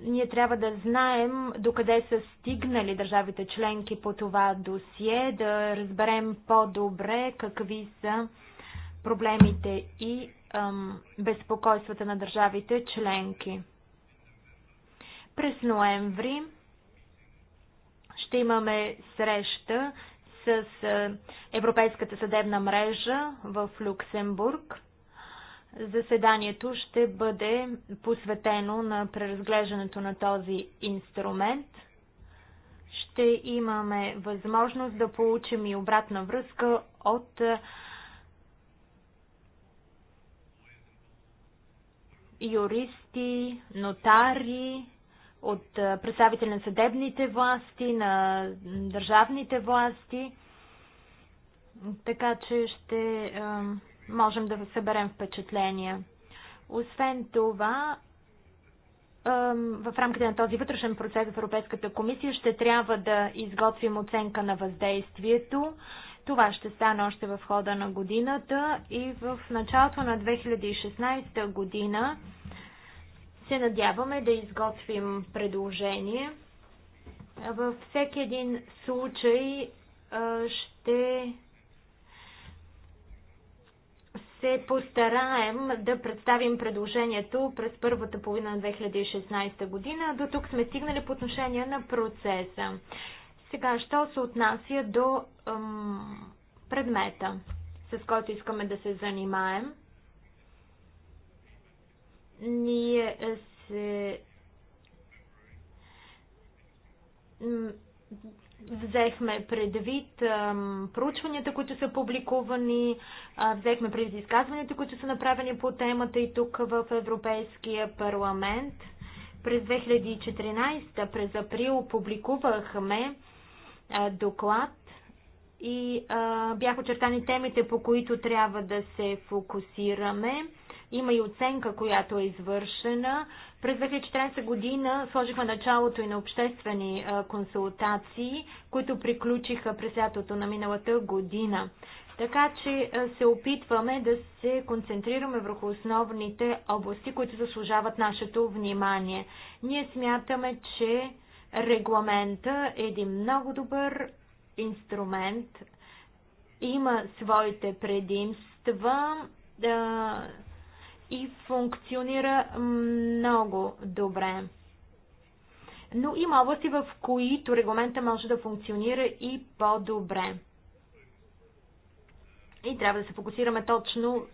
ние трябва да знаем докъде са стигнали държавите членки по това досие, да разберем по-добре какви са проблемите и безпокойствата на държавите членки. През ноември ще имаме среща с Европейската съдебна мрежа в Люксембург. Заседанието ще бъде посветено на преразглеждането на този инструмент. Ще имаме възможност да получим и обратна връзка от юристи, нотари, от представители на съдебните власти, на държавните власти. Така че ще е, можем да съберем впечатления. Освен това, е, в рамките на този вътрешен процес в Европейската комисия ще трябва да изготвим оценка на въздействието това ще стане още в хода на годината и в началото на 2016 година се надяваме да изготвим предложение. Във всеки един случай ще се постараем да представим предложението през първата половина на 2016 година. До тук сме стигнали по отношение на процеса. Сега, що се отнася до ам, предмета, с който искаме да се занимаем? Ние се взехме предвид проучванията, които са публикувани, а, взехме предвид изказванията, които са направени по темата и тук в Европейския парламент. През 2014, през април, публикувахме доклад и бяха очертани темите, по които трябва да се фокусираме. Има и оценка, която е извършена. През 2014 година сложихме началото и на обществени консултации, които приключиха през лятото на миналата година. Така че се опитваме да се концентрираме върху основните области, които заслужават нашето внимание. Ние смятаме, че Регламента е един много добър инструмент, има своите предимства да, и функционира много добре. Но има области, в които регламента може да функционира и по-добре. И трябва да се фокусираме точно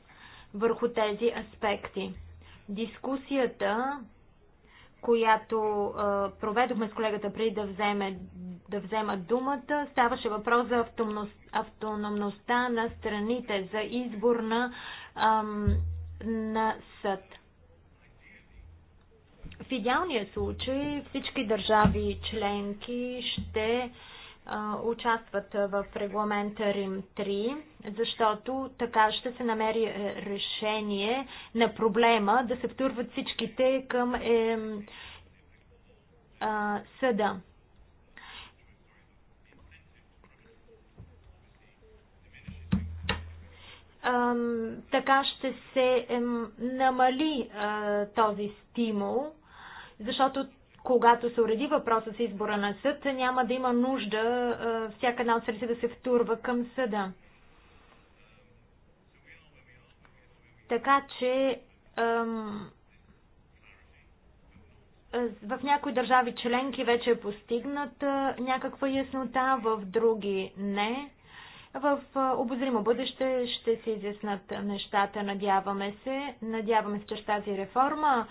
върху тези аспекти. Дискусията която проведохме с колегата преди да, вземе, да взема думата, ставаше въпрос за автономността на страните, за избор на, ам, на съд. В идеалния случай всички държави членки ще участват в регламента Рим 3, защото така ще се намери е, решение на проблема да се втурват всичките към е, а, съда. така ще се намали този стимул, защото когато се уреди въпроса с избора на съд, няма да има нужда всяка една от страните да се втурва към съда. Така че в някои държави членки вече е постигната някаква яснота, в други не. В обозримо бъдеще ще се изяснат нещата, надяваме се. Надяваме се, че тази реформа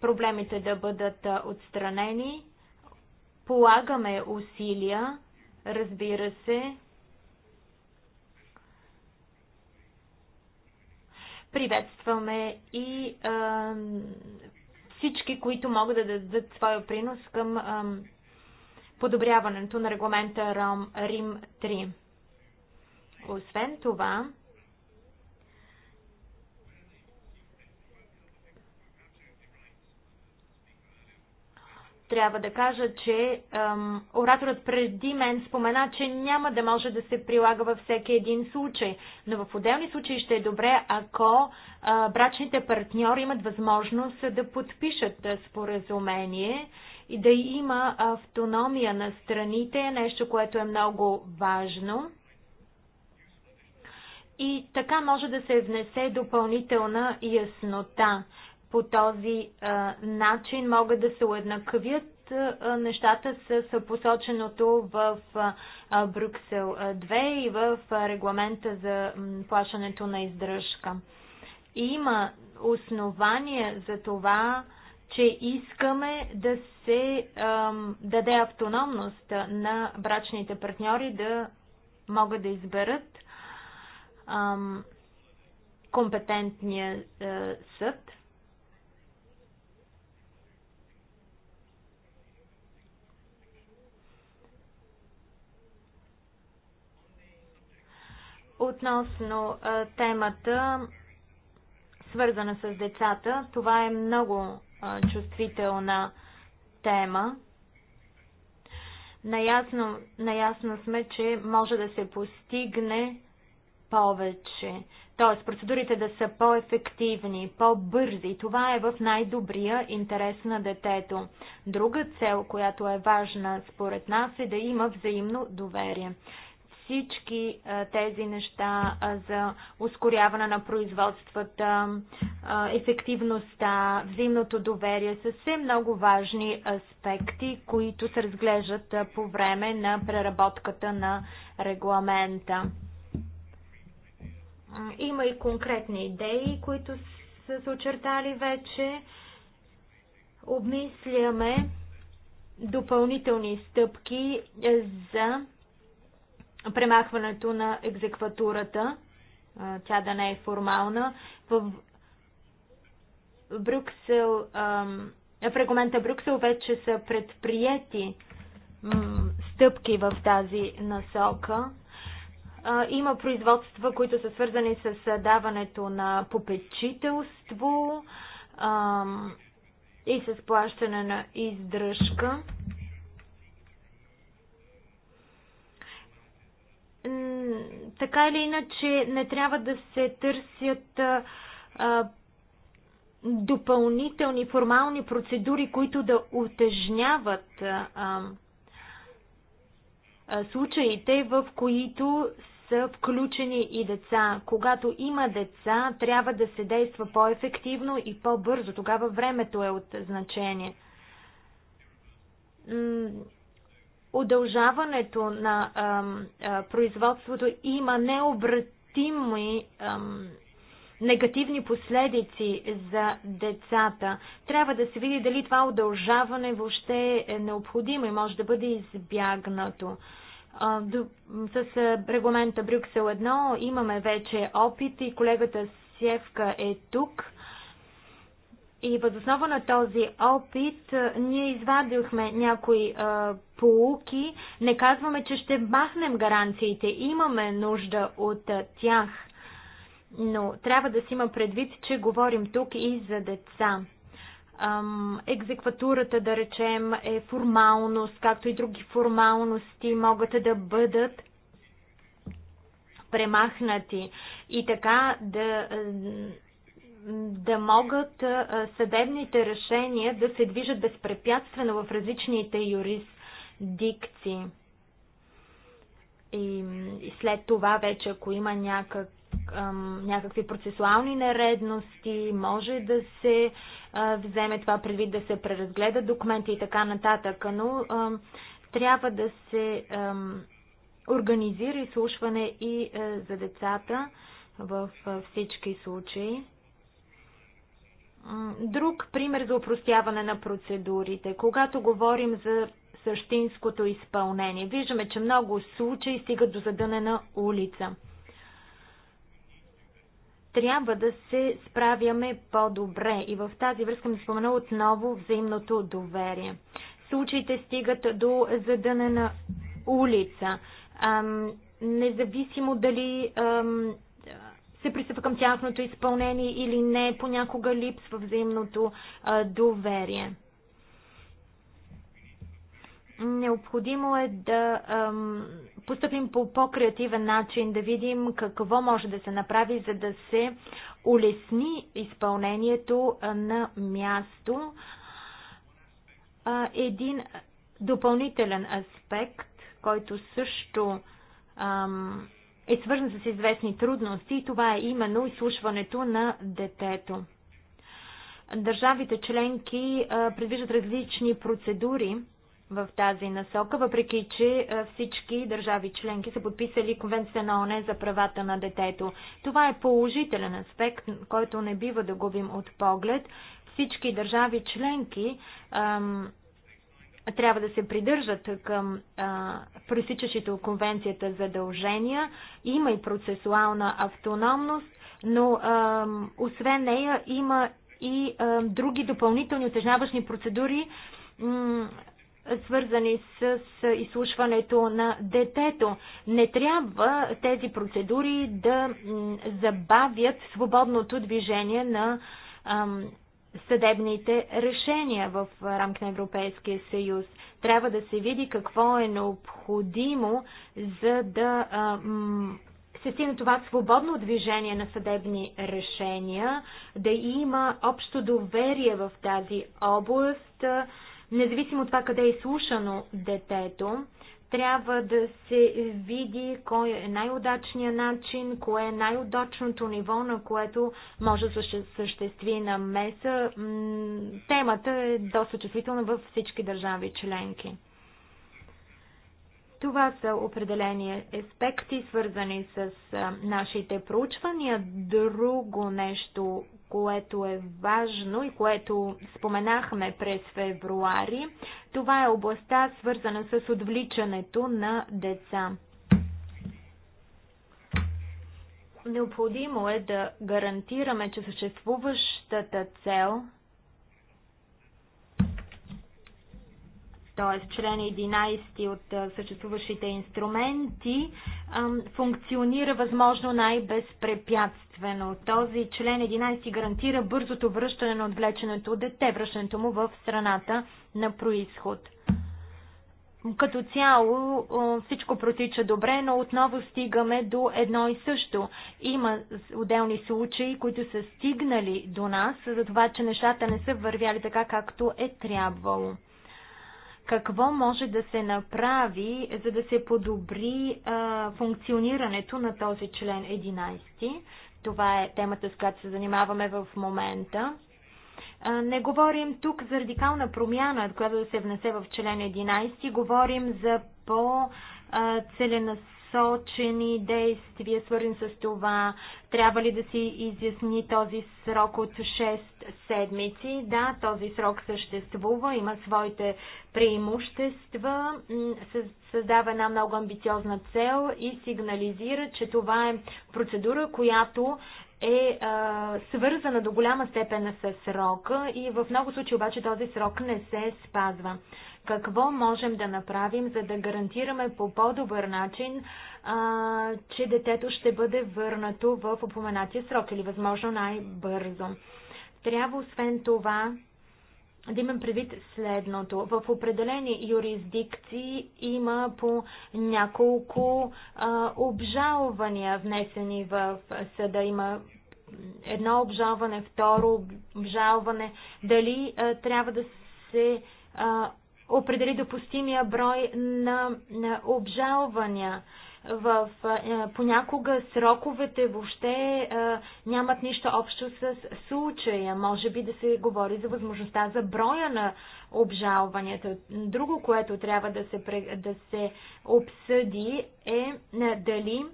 проблемите да бъдат отстранени. Полагаме усилия, разбира се. Приветстваме и а, всички, които могат да дадат своя принос към а, подобряването на регламента Ром, Рим 3. Освен това, трябва да кажа, че ем, ораторът преди мен спомена, че няма да може да се прилага във всеки един случай, но в отделни случаи ще е добре, ако е, брачните партньори имат възможност да подпишат споразумение и да има автономия на страните, нещо, което е много важно. И така може да се внесе допълнителна яснота. По този а, начин могат да се уеднаквят а, нещата с посоченото в а, Брюксел 2 и в а, регламента за м, плащането на издръжка. Има основание за това, че искаме да се а, даде автономност на брачните партньори да могат да изберат компетентния съд. Относно а, темата, свързана с децата, това е много а, чувствителна тема. Наясно, наясно сме, че може да се постигне повече. Т.е. процедурите да са по-ефективни, по-бързи. Това е в най-добрия интерес на детето. Друга цел, която е важна според нас е да има взаимно доверие всички тези неща за ускоряване на производствата, ефективността, взаимното доверие са все много важни аспекти, които се разглеждат по време на преработката на регламента. Има и конкретни идеи, които са се очертали вече. Обмисляме допълнителни стъпки е, за премахването на екзекватурата, тя да не е формална. В Брюксел, в регламента Брюксел вече са предприяти стъпки в тази насока. Има производства, които са свързани с даването на попечителство и с плащане на издръжка. така или иначе не трябва да се търсят а, допълнителни формални процедури, които да утежняват а, а, случаите, в които са включени и деца. Когато има деца, трябва да се действа по-ефективно и по-бързо. Тогава времето е от значение удължаването на ам, а, производството има необратими ам, негативни последици за децата. Трябва да се види дали това удължаване въобще е необходимо и може да бъде избягнато. А, с регламента Брюксел 1 имаме вече опит и колегата Севка е тук и възоснова на този опит ние извадихме някои а, полуки. Не казваме, че ще махнем гаранциите. Имаме нужда от а, тях. Но трябва да си има предвид, че говорим тук и за деца. Ам, екзекватурата, да речем, е формалност, както и други формалности могат да бъдат премахнати. И така да да могат съдебните решения да се движат безпрепятствено в различните юрисдикции. И, и след това вече, ако има някак, ам, някакви процесуални нередности, може да се а, вземе това предвид да се преразгледа документи и така нататък. Но ам, трябва да се ам, организира изслушване и а, за децата в а, всички случаи. Друг пример за упростяване на процедурите. Когато говорим за същинското изпълнение, виждаме, че много случаи стигат до задънена улица. Трябва да се справяме по-добре и в тази връзка ми спомена отново взаимното доверие. Случаите стигат до задънена улица. Ам, независимо дали ам, се пристъпва към тяхното изпълнение или не, понякога липсва взаимното а, доверие. Необходимо е да ам, поступим по по-креативен начин, да видим какво може да се направи, за да се улесни изпълнението на място. А, един допълнителен аспект, който също ам, е свързан с известни трудности и това е именно изслушването на детето. Държавите членки предвиждат различни процедури в тази насока, въпреки че всички държави членки са подписали Конвенция на ОНЕ за правата на детето. Това е положителен аспект, който не бива да губим от поглед. Всички държави членки ам, трябва да се придържат към пресичащите конвенцията задължения. Има и процесуална автономност, но а, освен нея има и а, други допълнителни отежнаващи процедури, свързани с, с изслушването на детето. Не трябва тези процедури да забавят свободното движение на съдебните решения в рамка на Европейския съюз. Трябва да се види какво е необходимо, за да се стигне това свободно движение на съдебни решения, да има общо доверие в тази област, независимо от това къде е изслушано детето. Трябва да се види кой е най-удачният начин, кое е най-удачното ниво, на което може да се съществи намеса. Темата е доста чувствителна във всички държави членки. Това са определени аспекти, свързани с нашите проучвания. Друго нещо, което е важно и което споменахме през февруари, това е областта, свързана с отвличането на деца. Необходимо е да гарантираме, че съществуващата цел – т.е. член 11 от съществуващите инструменти, функционира възможно най-безпрепятствено. Този член 11 гарантира бързото връщане на отвлеченото дете, връщането му в страната на происход. Като цяло всичко протича добре, но отново стигаме до едно и също. Има отделни случаи, които са стигнали до нас, за това, че нещата не са вървяли така, както е трябвало какво може да се направи, за да се подобри а, функционирането на този член 11. Това е темата, с която се занимаваме в момента. А, не говорим тук за радикална промяна, която да се внесе в член 11. Говорим за по-целенасочено насочени действия, свързани с това, трябва ли да си изясни този срок от 6 седмици. Да, този срок съществува, има своите преимущества, създава една много амбициозна цел и сигнализира, че това е процедура, която е а, свързана до голяма степен с срока и в много случаи обаче този срок не се спазва какво можем да направим, за да гарантираме по по-добър начин, а, че детето ще бъде върнато в упоменатия срок или възможно най-бързо. Трябва освен това да имам предвид следното. В определени юрисдикции има по няколко а, обжалвания внесени в съда. Има едно обжалване, второ обжалване. Дали а, трябва да се а, определи допустимия брой на, на обжалвания. В, е, понякога сроковете въобще а, нямат нищо общо с случая. Може би да се говори за възможността за броя на обжалванията. Друго, което трябва да се, да се обсъди е, е дали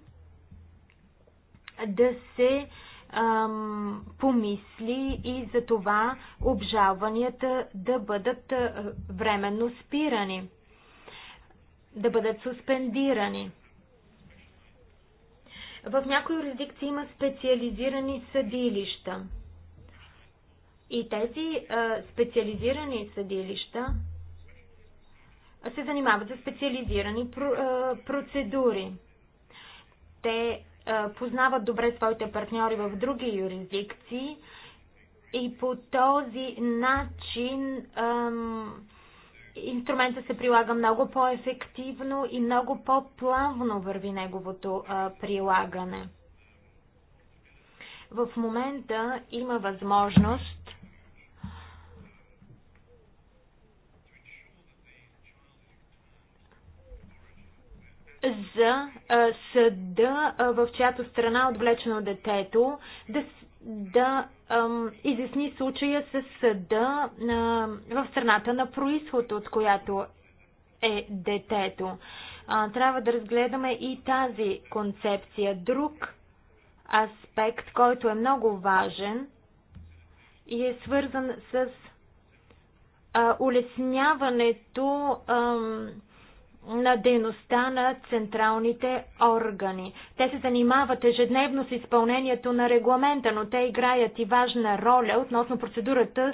да се ам, помисли и за това обжалванията да бъдат временно спирани, да бъдат суспендирани. В някои юрисдикции има специализирани съдилища. И тези а, специализирани съдилища се занимават за специализирани процедури. Те е, познават добре своите партньори в други юрисдикции и по този начин инструмента се прилага много по-ефективно и много по-плавно върви неговото прилагане. В момента има възможност за съда, в чиято страна отвлечено детето, да, да ам, изясни случая с съда а, в страната на происход, от която е детето. А, трябва да разгледаме и тази концепция. Друг аспект, който е много важен и е свързан с а, улесняването. Ам, на дейността на централните органи. Те се занимават ежедневно с изпълнението на регламента, но те играят и важна роля относно процедурата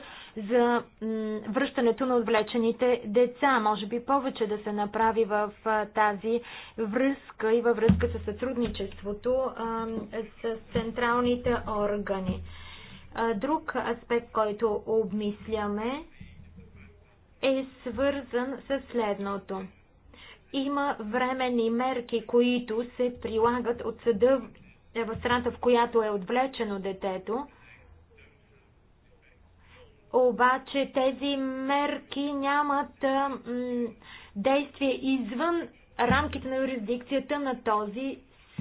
за връщането на отвлечените деца. Може би повече да се направи в тази връзка и във връзка с сътрудничеството с централните органи. Друг аспект, който обмисляме, е свързан с следното – има временни мерки, които се прилагат от съда е, в страната, в която е отвлечено детето. Обаче тези мерки нямат действие извън рамките на юрисдикцията на този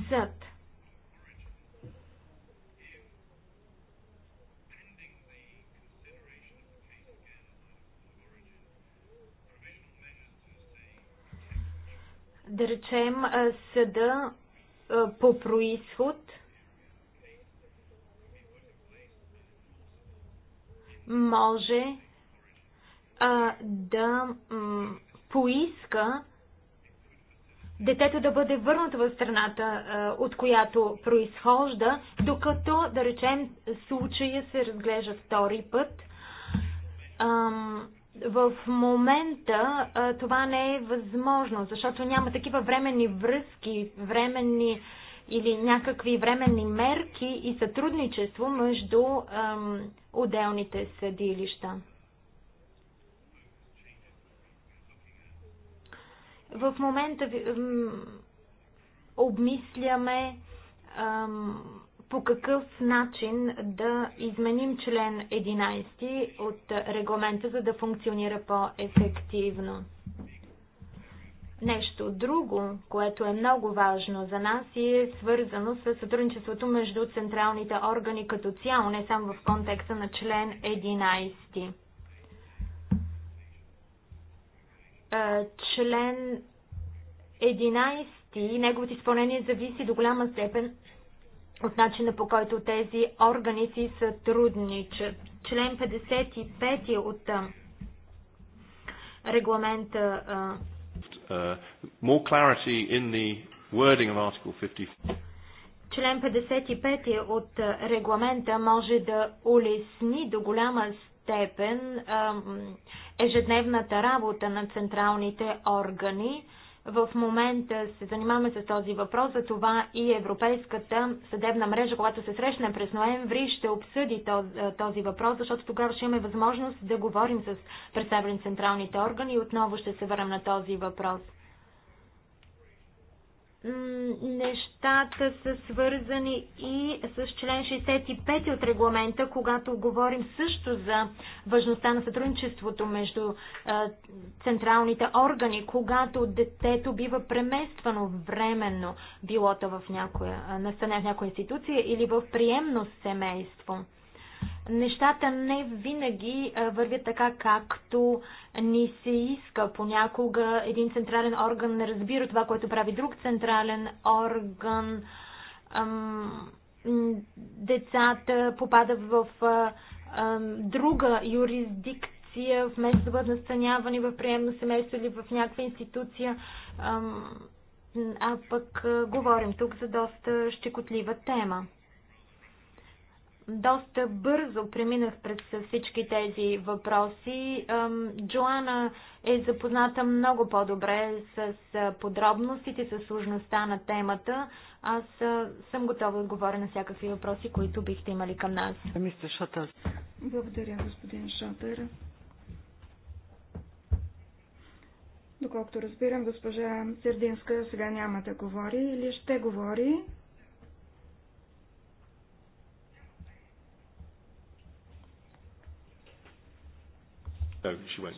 съд. да речем, съда по происход може да поиска детето да бъде върнато в страната, от която произхожда, докато, да речем, случая се разглежда втори път. В момента а, това не е възможно, защото няма такива временни връзки, временни или някакви временни мерки и сътрудничество между ам, отделните съдилища. В момента обмисляме ам, по какъв начин да изменим член 11 от регламента, за да функционира по-ефективно. Нещо друго, което е много важно за нас и е свързано с сътрудничеството между централните органи като цяло, не само в контекста на член 11. Е, член 11 и неговото изпълнение зависи до голяма степен от начина по който тези органи си сътрудничат. Член 55 е от регламента uh, more clarity in the wording of Article 50. Член 55 е от регламента може да улесни до голяма степен ежедневната работа на централните органи. В момента се занимаваме с този въпрос, за това и Европейската съдебна мрежа, когато се срещне през ноември, ще обсъди е, този въпрос, защото тогава ще имаме възможност да говорим с представени централните органи и отново ще се върнем на този въпрос нещата са свързани и с член 65 от регламента, когато говорим също за важността на сътрудничеството между централните органи, когато детето бива премествано временно, билото в някоя, настане, в някоя институция или в приемно семейство нещата не винаги вървят така, както ни се иска. Понякога един централен орган не разбира това, което прави друг централен орган. Децата попадат в друга юрисдикция, вместо да бъдат настанявани в приемно семейство или в някаква институция. А пък говорим тук за доста щекотлива тема доста бързо преминах през всички тези въпроси. Джоана е запозната много по-добре с подробностите, с сложността на темата. Аз съм готова да отговоря на всякакви въпроси, които бихте имали към нас. Благодаря, господин Шатър. Доколкото разбирам, госпожа Сердинска сега няма да говори или ще говори. No, she won't.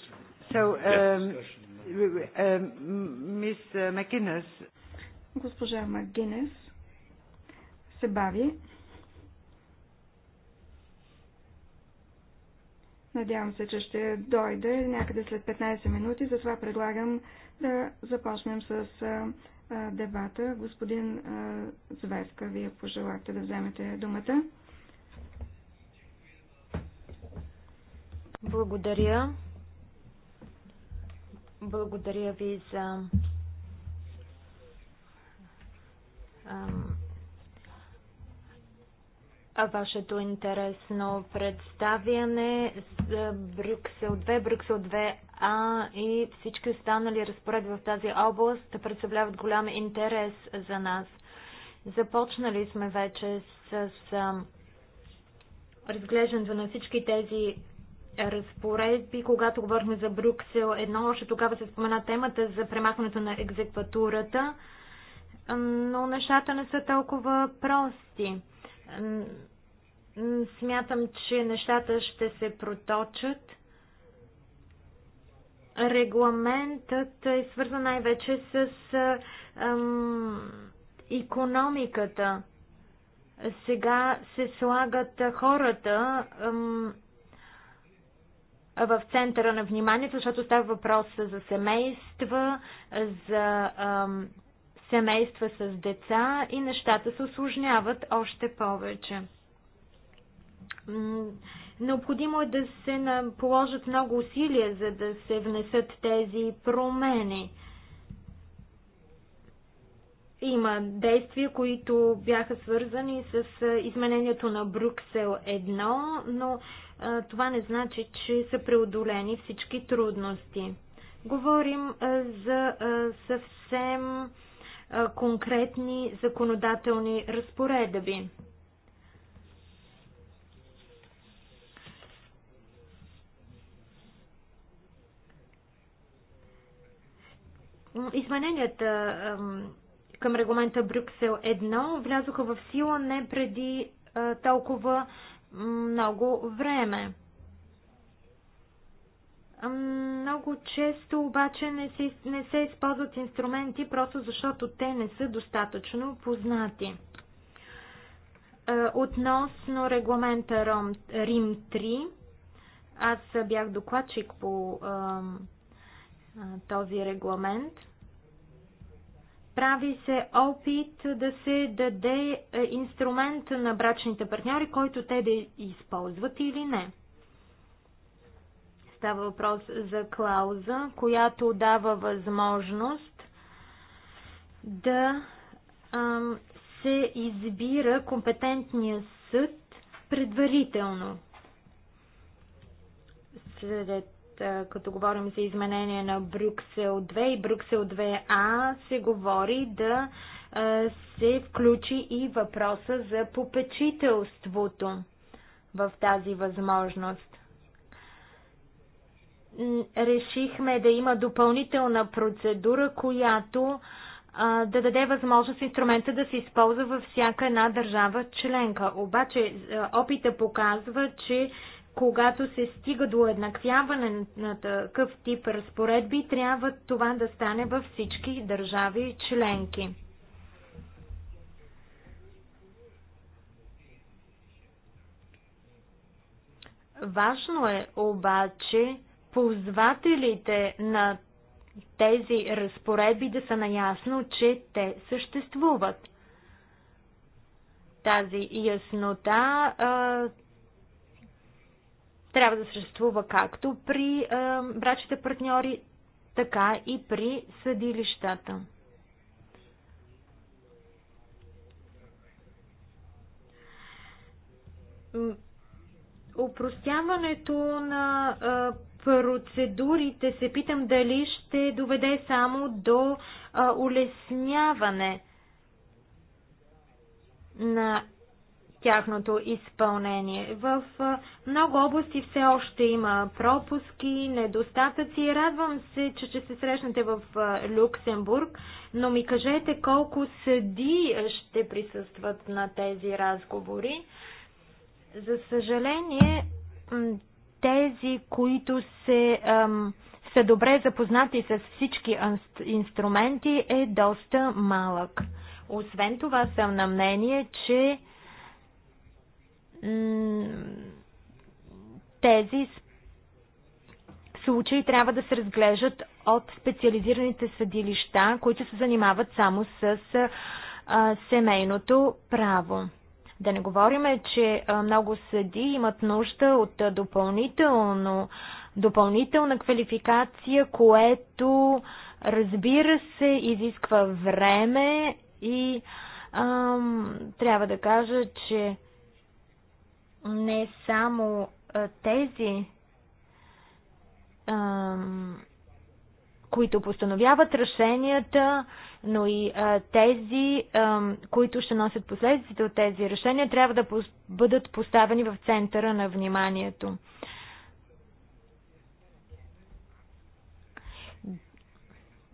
So, um, um, Miss McGuinness. Госпожа Макгинес се бави. Надявам се, че ще дойде някъде след 15 минути, затова предлагам да започнем с дебата. Господин Звеска, вие пожелахте да вземете думата. Благодаря. Благодаря ви за а вашето интересно представяне за Брюксел 2, Брюксел 2А и всички останали разпоредби в тази област представляват голям интерес за нас. Започнали сме вече с, с разглеждането на всички тези разпоредби, когато говорим за Брюксел едно, още тогава се спомена темата за премахването на екзекватурата, но нещата не са толкова прости. Смятам, че нещата ще се проточат. Регламентът е свързан най-вече с ам, економиката. Сега се слагат хората, ам, в центъра на вниманието, защото става въпрос за семейства, за ам, семейства с деца и нещата се осложняват още повече. Необходимо е да се положат много усилия, за да се внесат тези промени. Има действия, които бяха свързани с изменението на Брюксел 1, но това не значи, че са преодолени всички трудности. Говорим за съвсем конкретни законодателни разпоредби. Измененията към регламента Брюксел 1 влязоха в сила не преди толкова много време. Много често обаче не се, не се използват инструменти, просто защото те не са достатъчно познати. Е, относно регламента Рим 3, аз бях докладчик по този регламент – прави се опит да се даде е, инструмент на брачните партньори, който те да използват или не. Става въпрос за клауза, която дава възможност да се избира компетентния съд предварително сред като говорим за изменение на Брюксел 2 и Брюксел 2А, се говори да се включи и въпроса за попечителството в тази възможност. Решихме да има допълнителна процедура, която да даде възможност инструмента да се използва във всяка една държава членка. Обаче опита показва, че когато се стига до еднаквяване на такъв тип разпоредби, трябва това да стане във всички държави членки. Важно е обаче ползвателите на тези разпоредби да са наясно, че те съществуват. Тази яснота а, трябва да съществува както при брачните партньори, така и при съдилищата. Опростяването на процедурите се питам дали ще доведе само до улесняване на тяхното изпълнение. В много области все още има пропуски, недостатъци. Радвам се, че ще се срещнете в Люксембург, но ми кажете колко съди ще присъстват на тези разговори. За съжаление, тези, които се, ам, са добре запознати с всички инструменти, е доста малък. Освен това съм на мнение, че тези случаи трябва да се разглеждат от специализираните съдилища, които се занимават само с семейното право. Да не говорим, че много съди имат нужда от допълнително, допълнителна квалификация, което разбира се изисква време и ам, трябва да кажа, че не само тези, които постановяват решенията, но и тези, които ще носят последиците от тези решения, трябва да бъдат поставени в центъра на вниманието.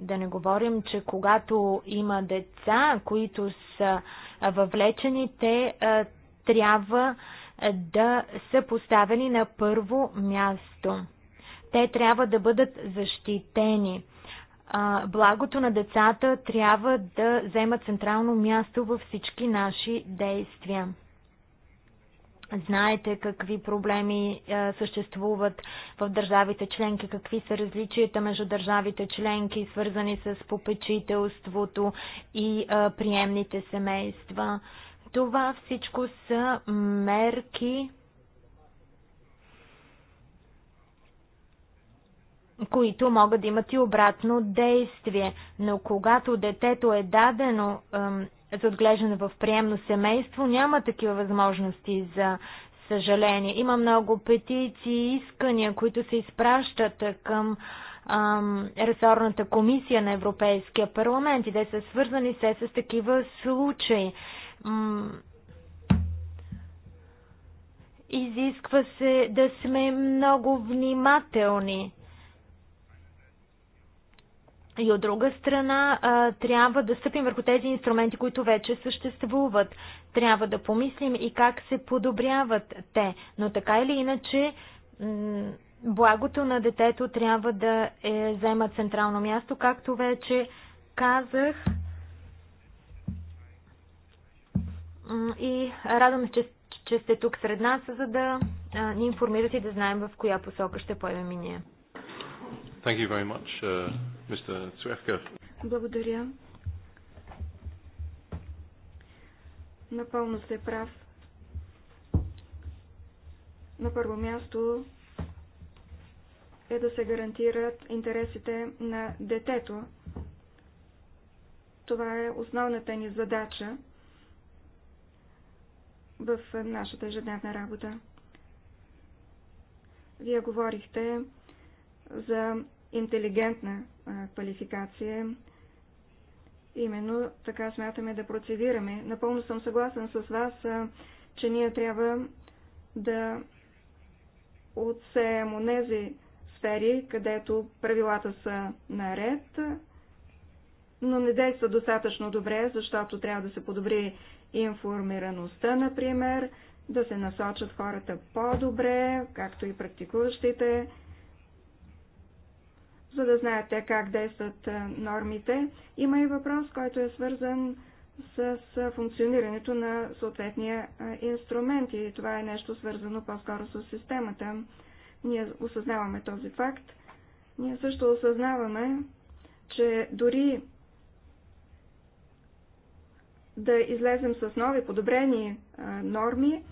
Да не говорим, че когато има деца, които са въвлечени, те трябва да да са поставени на първо място. Те трябва да бъдат защитени. Благото на децата трябва да взема централно място във всички наши действия. Знаете какви проблеми съществуват в държавите членки, какви са различията между държавите членки, свързани с попечителството и приемните семейства. Това всичко са мерки, които могат да имат и обратно действие. Но когато детето е дадено за отглеждане в приемно семейство, няма такива възможности за съжаление. Има много петиции, искания, които се изпращат към ам, ресорната комисия на Европейския парламент и те са свързани се с такива случаи изисква се да сме много внимателни. И от друга страна, а, трябва да стъпим върху тези инструменти, които вече съществуват. Трябва да помислим и как се подобряват те. Но така или иначе, благото на детето трябва да е, заема централно място, както вече казах. и радвам се, че, че сте тук сред нас, за да ни информирате и да знаем в коя посока ще поемем и ние. Thank you very much, uh, Mr. Цвевка. Благодаря. Напълно сте прав. На първо място е да се гарантират интересите на детето. Това е основната ни задача – в нашата ежедневна работа. Вие говорихте за интелигентна квалификация. Именно така смятаме да процедираме. Напълно съм съгласен с вас, че ние трябва да отсеем онези сфери, където правилата са наред, но не действа достатъчно добре, защото трябва да се подобри информираността, например, да се насочат хората по-добре, както и практикуващите, за да знаят те как действат нормите. Има и въпрос, който е свързан с функционирането на съответния инструмент и това е нещо свързано по-скоро с системата. Ние осъзнаваме този факт. Ние също осъзнаваме, че дори да излезем с нови подобрени норми,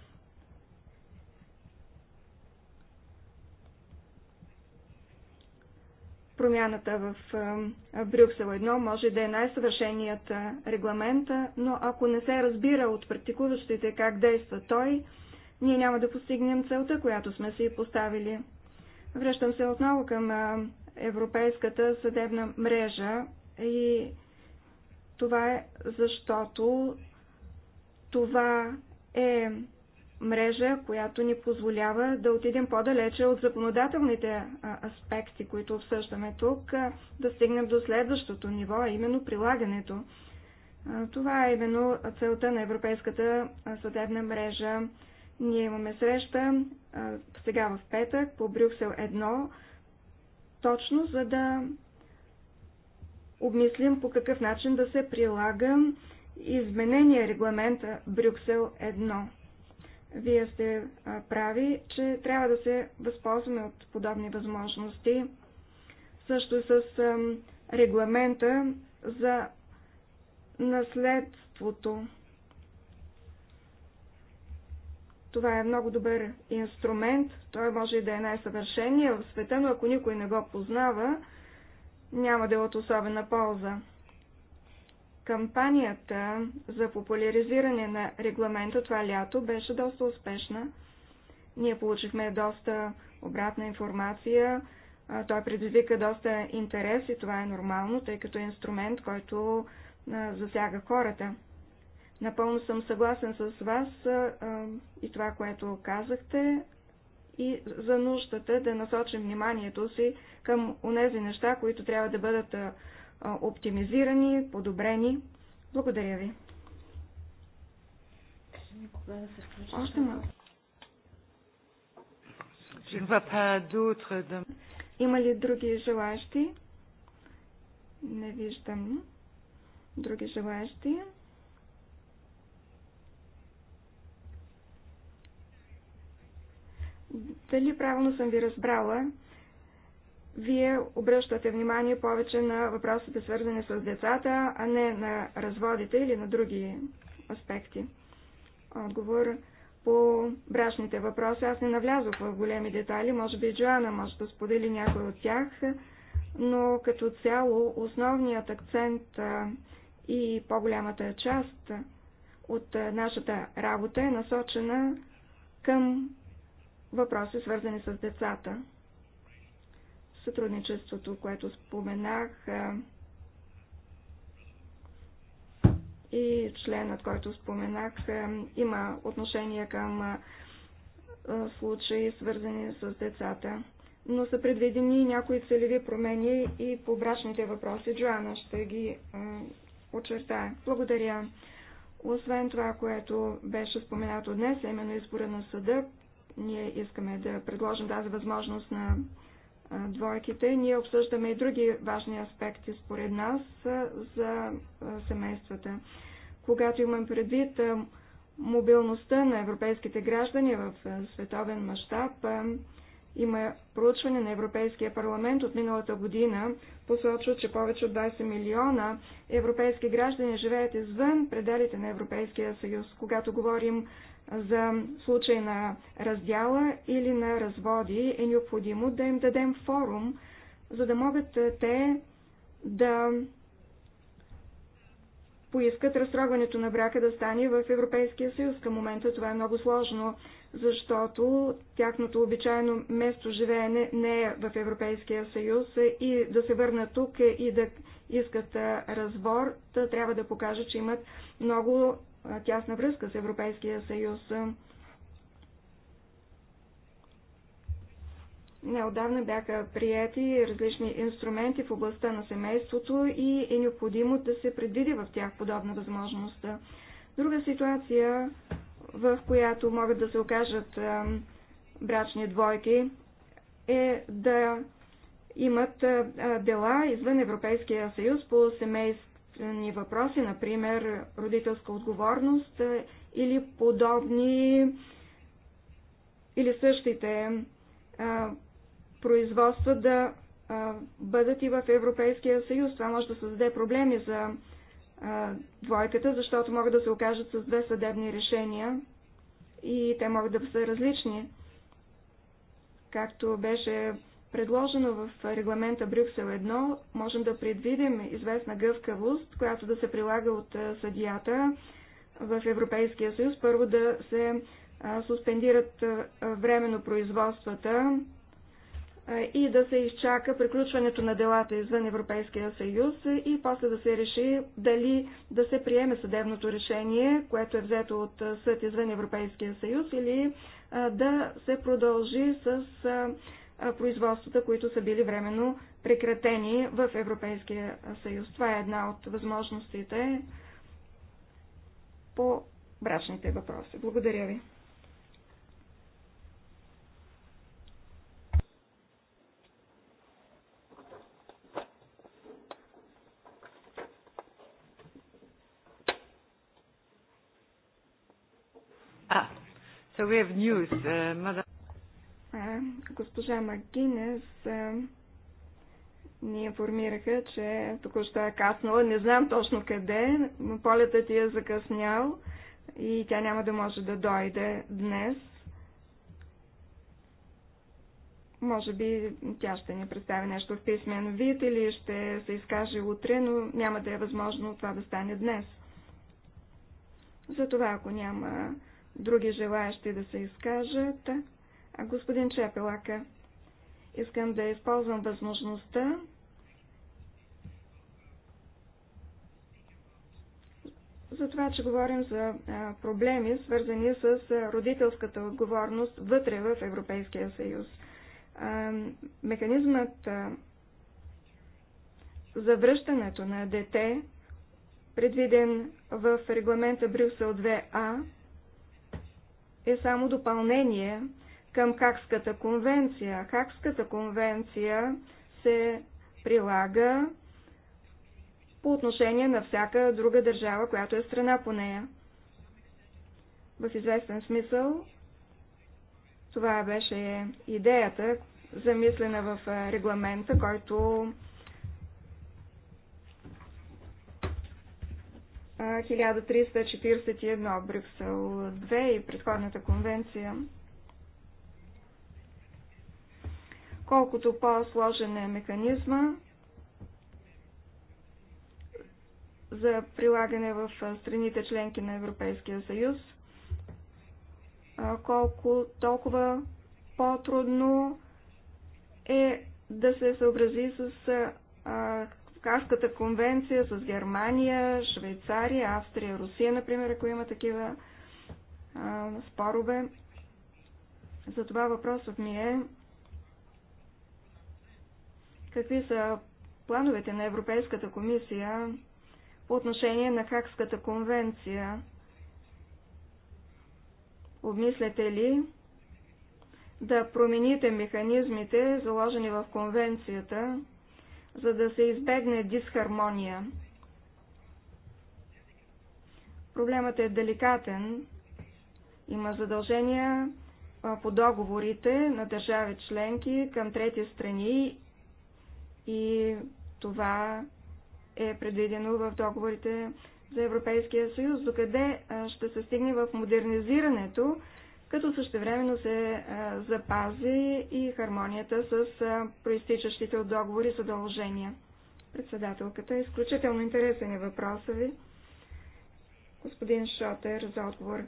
промяната в Брюксел 1 може да е най-съвършеният регламент, но ако не се разбира от практикуващите как действа той, ние няма да постигнем целта, която сме си поставили. Връщам се отново към европейската съдебна мрежа и това е защото това е мрежа, която ни позволява да отидем по-далече от законодателните аспекти, които обсъждаме тук, да стигнем до следващото ниво, а именно прилагането. Това е именно целта на Европейската съдебна мрежа. Ние имаме среща сега в петък по Брюксел 1, точно за да обмислим по какъв начин да се прилага изменения регламента Брюксел 1. Вие сте прави, че трябва да се възползваме от подобни възможности. Също с регламента за наследството. Това е много добър инструмент. Той може и да е най-съвършения в света, но ако никой не го познава, няма да е от особена полза. Кампанията за популяризиране на регламента това лято беше доста успешна. Ние получихме доста обратна информация. Той предизвика доста интерес и това е нормално, тъй като е инструмент, който засяга хората. Напълно съм съгласен с вас и това, което казахте и за нуждата да насочим вниманието си към онези неща, които трябва да бъдат оптимизирани, подобрени. Благодаря ви. Още малко. Има ли други желаящи? Не виждам. Други желаящи? Дали правилно съм ви разбрала? Вие обръщате внимание повече на въпросите, свързани с децата, а не на разводите или на други аспекти. Отговор по брачните въпроси. Аз не навлязох в големи детали, може би Джоана може да сподели някой от тях, но като цяло основният акцент и по-голямата част от нашата работа е насочена към въпроси, свързани с децата. Сътрудничеството, което споменах и членът, който споменах, има отношение към случаи, свързани с децата. Но са предвидени някои целеви промени и по брачните въпроси. Джоана ще ги очертая. Благодаря. Освен това, което беше споменато днес, именно избора на съда, ние искаме да предложим тази възможност на двойките. Ние обсъждаме и други важни аспекти според нас за семействата. Когато имам предвид мобилността на европейските граждани в световен мащаб, има проучване на Европейския парламент от миналата година, посочва, че повече от 20 милиона европейски граждани живеят извън пределите на Европейския съюз. Когато говорим за случай на раздяла или на разводи, е необходимо да им дадем форум, за да могат те да поискат разтрогването на брака да стане в Европейския съюз. Към момента това е много сложно защото тяхното обичайно место живеене не е в Европейския съюз и да се върнат тук и да искат разбор, трябва да покажа, че имат много тясна връзка с Европейския съюз. Неодавна бяха приети различни инструменти в областта на семейството и е необходимо да се предвиди в тях подобна възможност. Друга ситуация, в която могат да се окажат брачни двойки, е да имат дела извън Европейския съюз по семействени въпроси, например родителска отговорност или подобни или същите производства да бъдат и в Европейския съюз. Това може да създаде проблеми за двойката, защото могат да се окажат с две съдебни решения и те могат да са различни. Както беше предложено в регламента Брюксел 1, можем да предвидим известна гъвкавост, която да се прилага от съдията в Европейския съюз. Първо да се суспендират временно производствата и да се изчака приключването на делата извън Европейския съюз и после да се реши дали да се приеме съдебното решение, което е взето от съд извън Европейския съюз или да се продължи с производствата, които са били временно прекратени в Европейския съюз. Това е една от възможностите по брачните въпроси. Благодаря ви. So we have news, uh, госпожа Магинес ни информираха, че току-що е каснала. Не знам точно къде, но полета ти е закъснял и тя няма да може да дойде днес. Може би тя ще ни представи нещо в писмен вид или ще се изкаже утре, но няма да е възможно това да стане днес. Затова, ако няма други желаящи да се изкажат. А господин Чепелака, искам да използвам възможността за това, че говорим за проблеми, свързани с родителската отговорност вътре в Европейския съюз. Механизмът за връщането на дете, предвиден в регламента Брюсел 2А, е само допълнение към Хакската конвенция. Хакската конвенция се прилага по отношение на всяка друга държава, която е страна по нея. В известен смисъл това беше идеята, замислена в регламента, който 1341 Брюксел 2 и предходната конвенция. Колкото по-сложен е механизма за прилагане в страните членки на Европейския съюз, колко толкова по-трудно е да се съобрази с Кавказската конвенция с Германия, Швейцария, Австрия, Русия, например, ако има такива а, спорове. Затова въпросът ми е какви са плановете на Европейската комисия по отношение на Хакската конвенция. Обмисляте ли да промените механизмите, заложени в конвенцията, за да се избегне дисхармония. Проблемът е деликатен. Има задължения по договорите на държави членки към трети страни и това е предвидено в договорите за Европейския съюз, докъде ще се стигне в модернизирането като същевременно се запази и хармонията с проистичащите от договори задължения. Председателката, изключително интересен е въпросът ви. Господин Шотер, за отговор.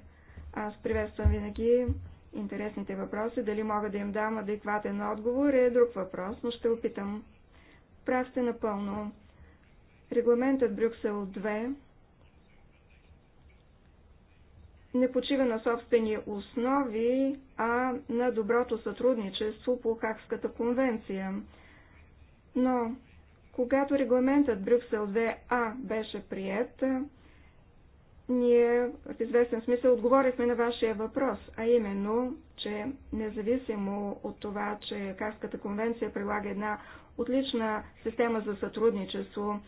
Аз приветствам винаги интересните въпроси. Дали мога да им дам адекватен отговор е друг въпрос, но ще опитам. Прав сте напълно. Регламентът Брюксел 2 не почива на собствени основи, а на доброто сътрудничество по Хакската конвенция. Но, когато регламентът Брюксел 2А беше прият, ние в известен смисъл отговорихме на вашия въпрос, а именно, че независимо от това, че Карската конвенция прилага една отлична система за сътрудничество,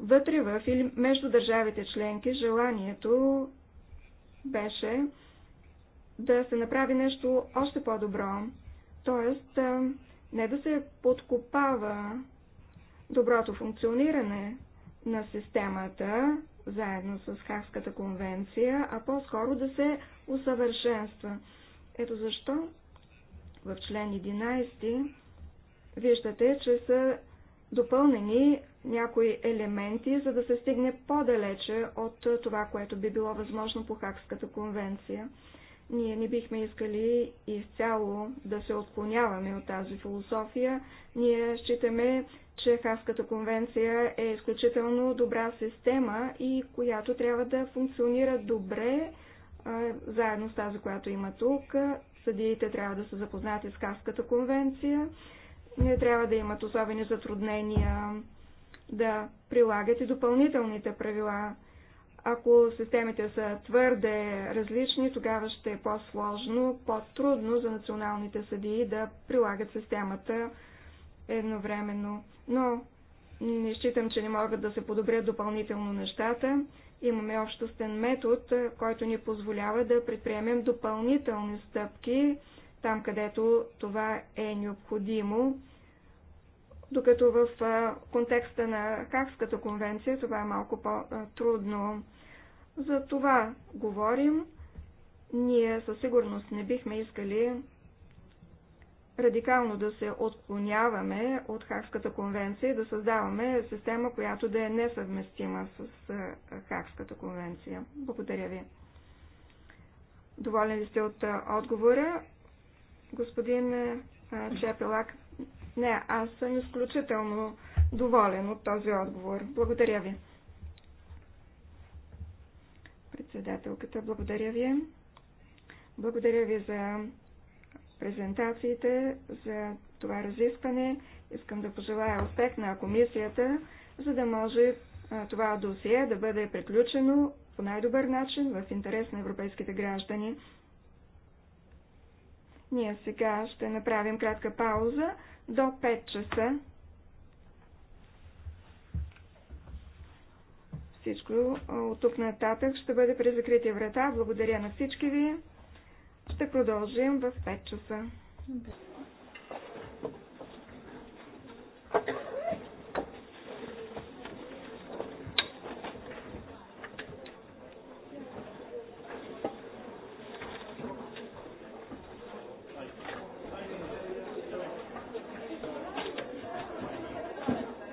вътре в или между държавите членки желанието беше да се направи нещо още по-добро. Т.е. не да се подкопава доброто функциониране на системата, заедно с Хагската конвенция, а по-скоро да се усъвършенства. Ето защо в член 11 виждате, че са допълнени някои елементи, за да се стигне по-далече от това, което би било възможно по Хакската конвенция. Ние не бихме искали изцяло да се отклоняваме от тази философия. Ние считаме, че Хаската конвенция е изключително добра система и която трябва да функционира добре заедно с тази, която има тук. Съдиите трябва да са запознати с Хаската конвенция не трябва да имат особени затруднения да прилагат и допълнителните правила. Ако системите са твърде различни, тогава ще е по-сложно, по-трудно за националните съдии да прилагат системата едновременно. Но не считам, че не могат да се подобрят допълнително нещата. Имаме общостен метод, който ни позволява да предприемем допълнителни стъпки, там, където това е необходимо, докато в контекста на Хагската конвенция това е малко по-трудно. За това говорим. Ние със сигурност не бихме искали радикално да се отклоняваме от Хагската конвенция и да създаваме система, която да е несъвместима с Хагската конвенция. Благодаря ви. Доволен ли сте от отговора? господин е, е, Чепелак. Не, аз съм изключително доволен от този отговор. Благодаря ви. Председателката, благодаря ви. Благодаря ви за презентациите, за това разискване. Искам да пожелая успех на комисията, за да може е, това досие да бъде приключено по най-добър начин в интерес на европейските граждани. Ние сега ще направим кратка пауза до 5 часа. Всичко от тук нататък ще бъде при закрития врата. Благодаря на всички ви. Ще продължим в 5 часа. Thank you.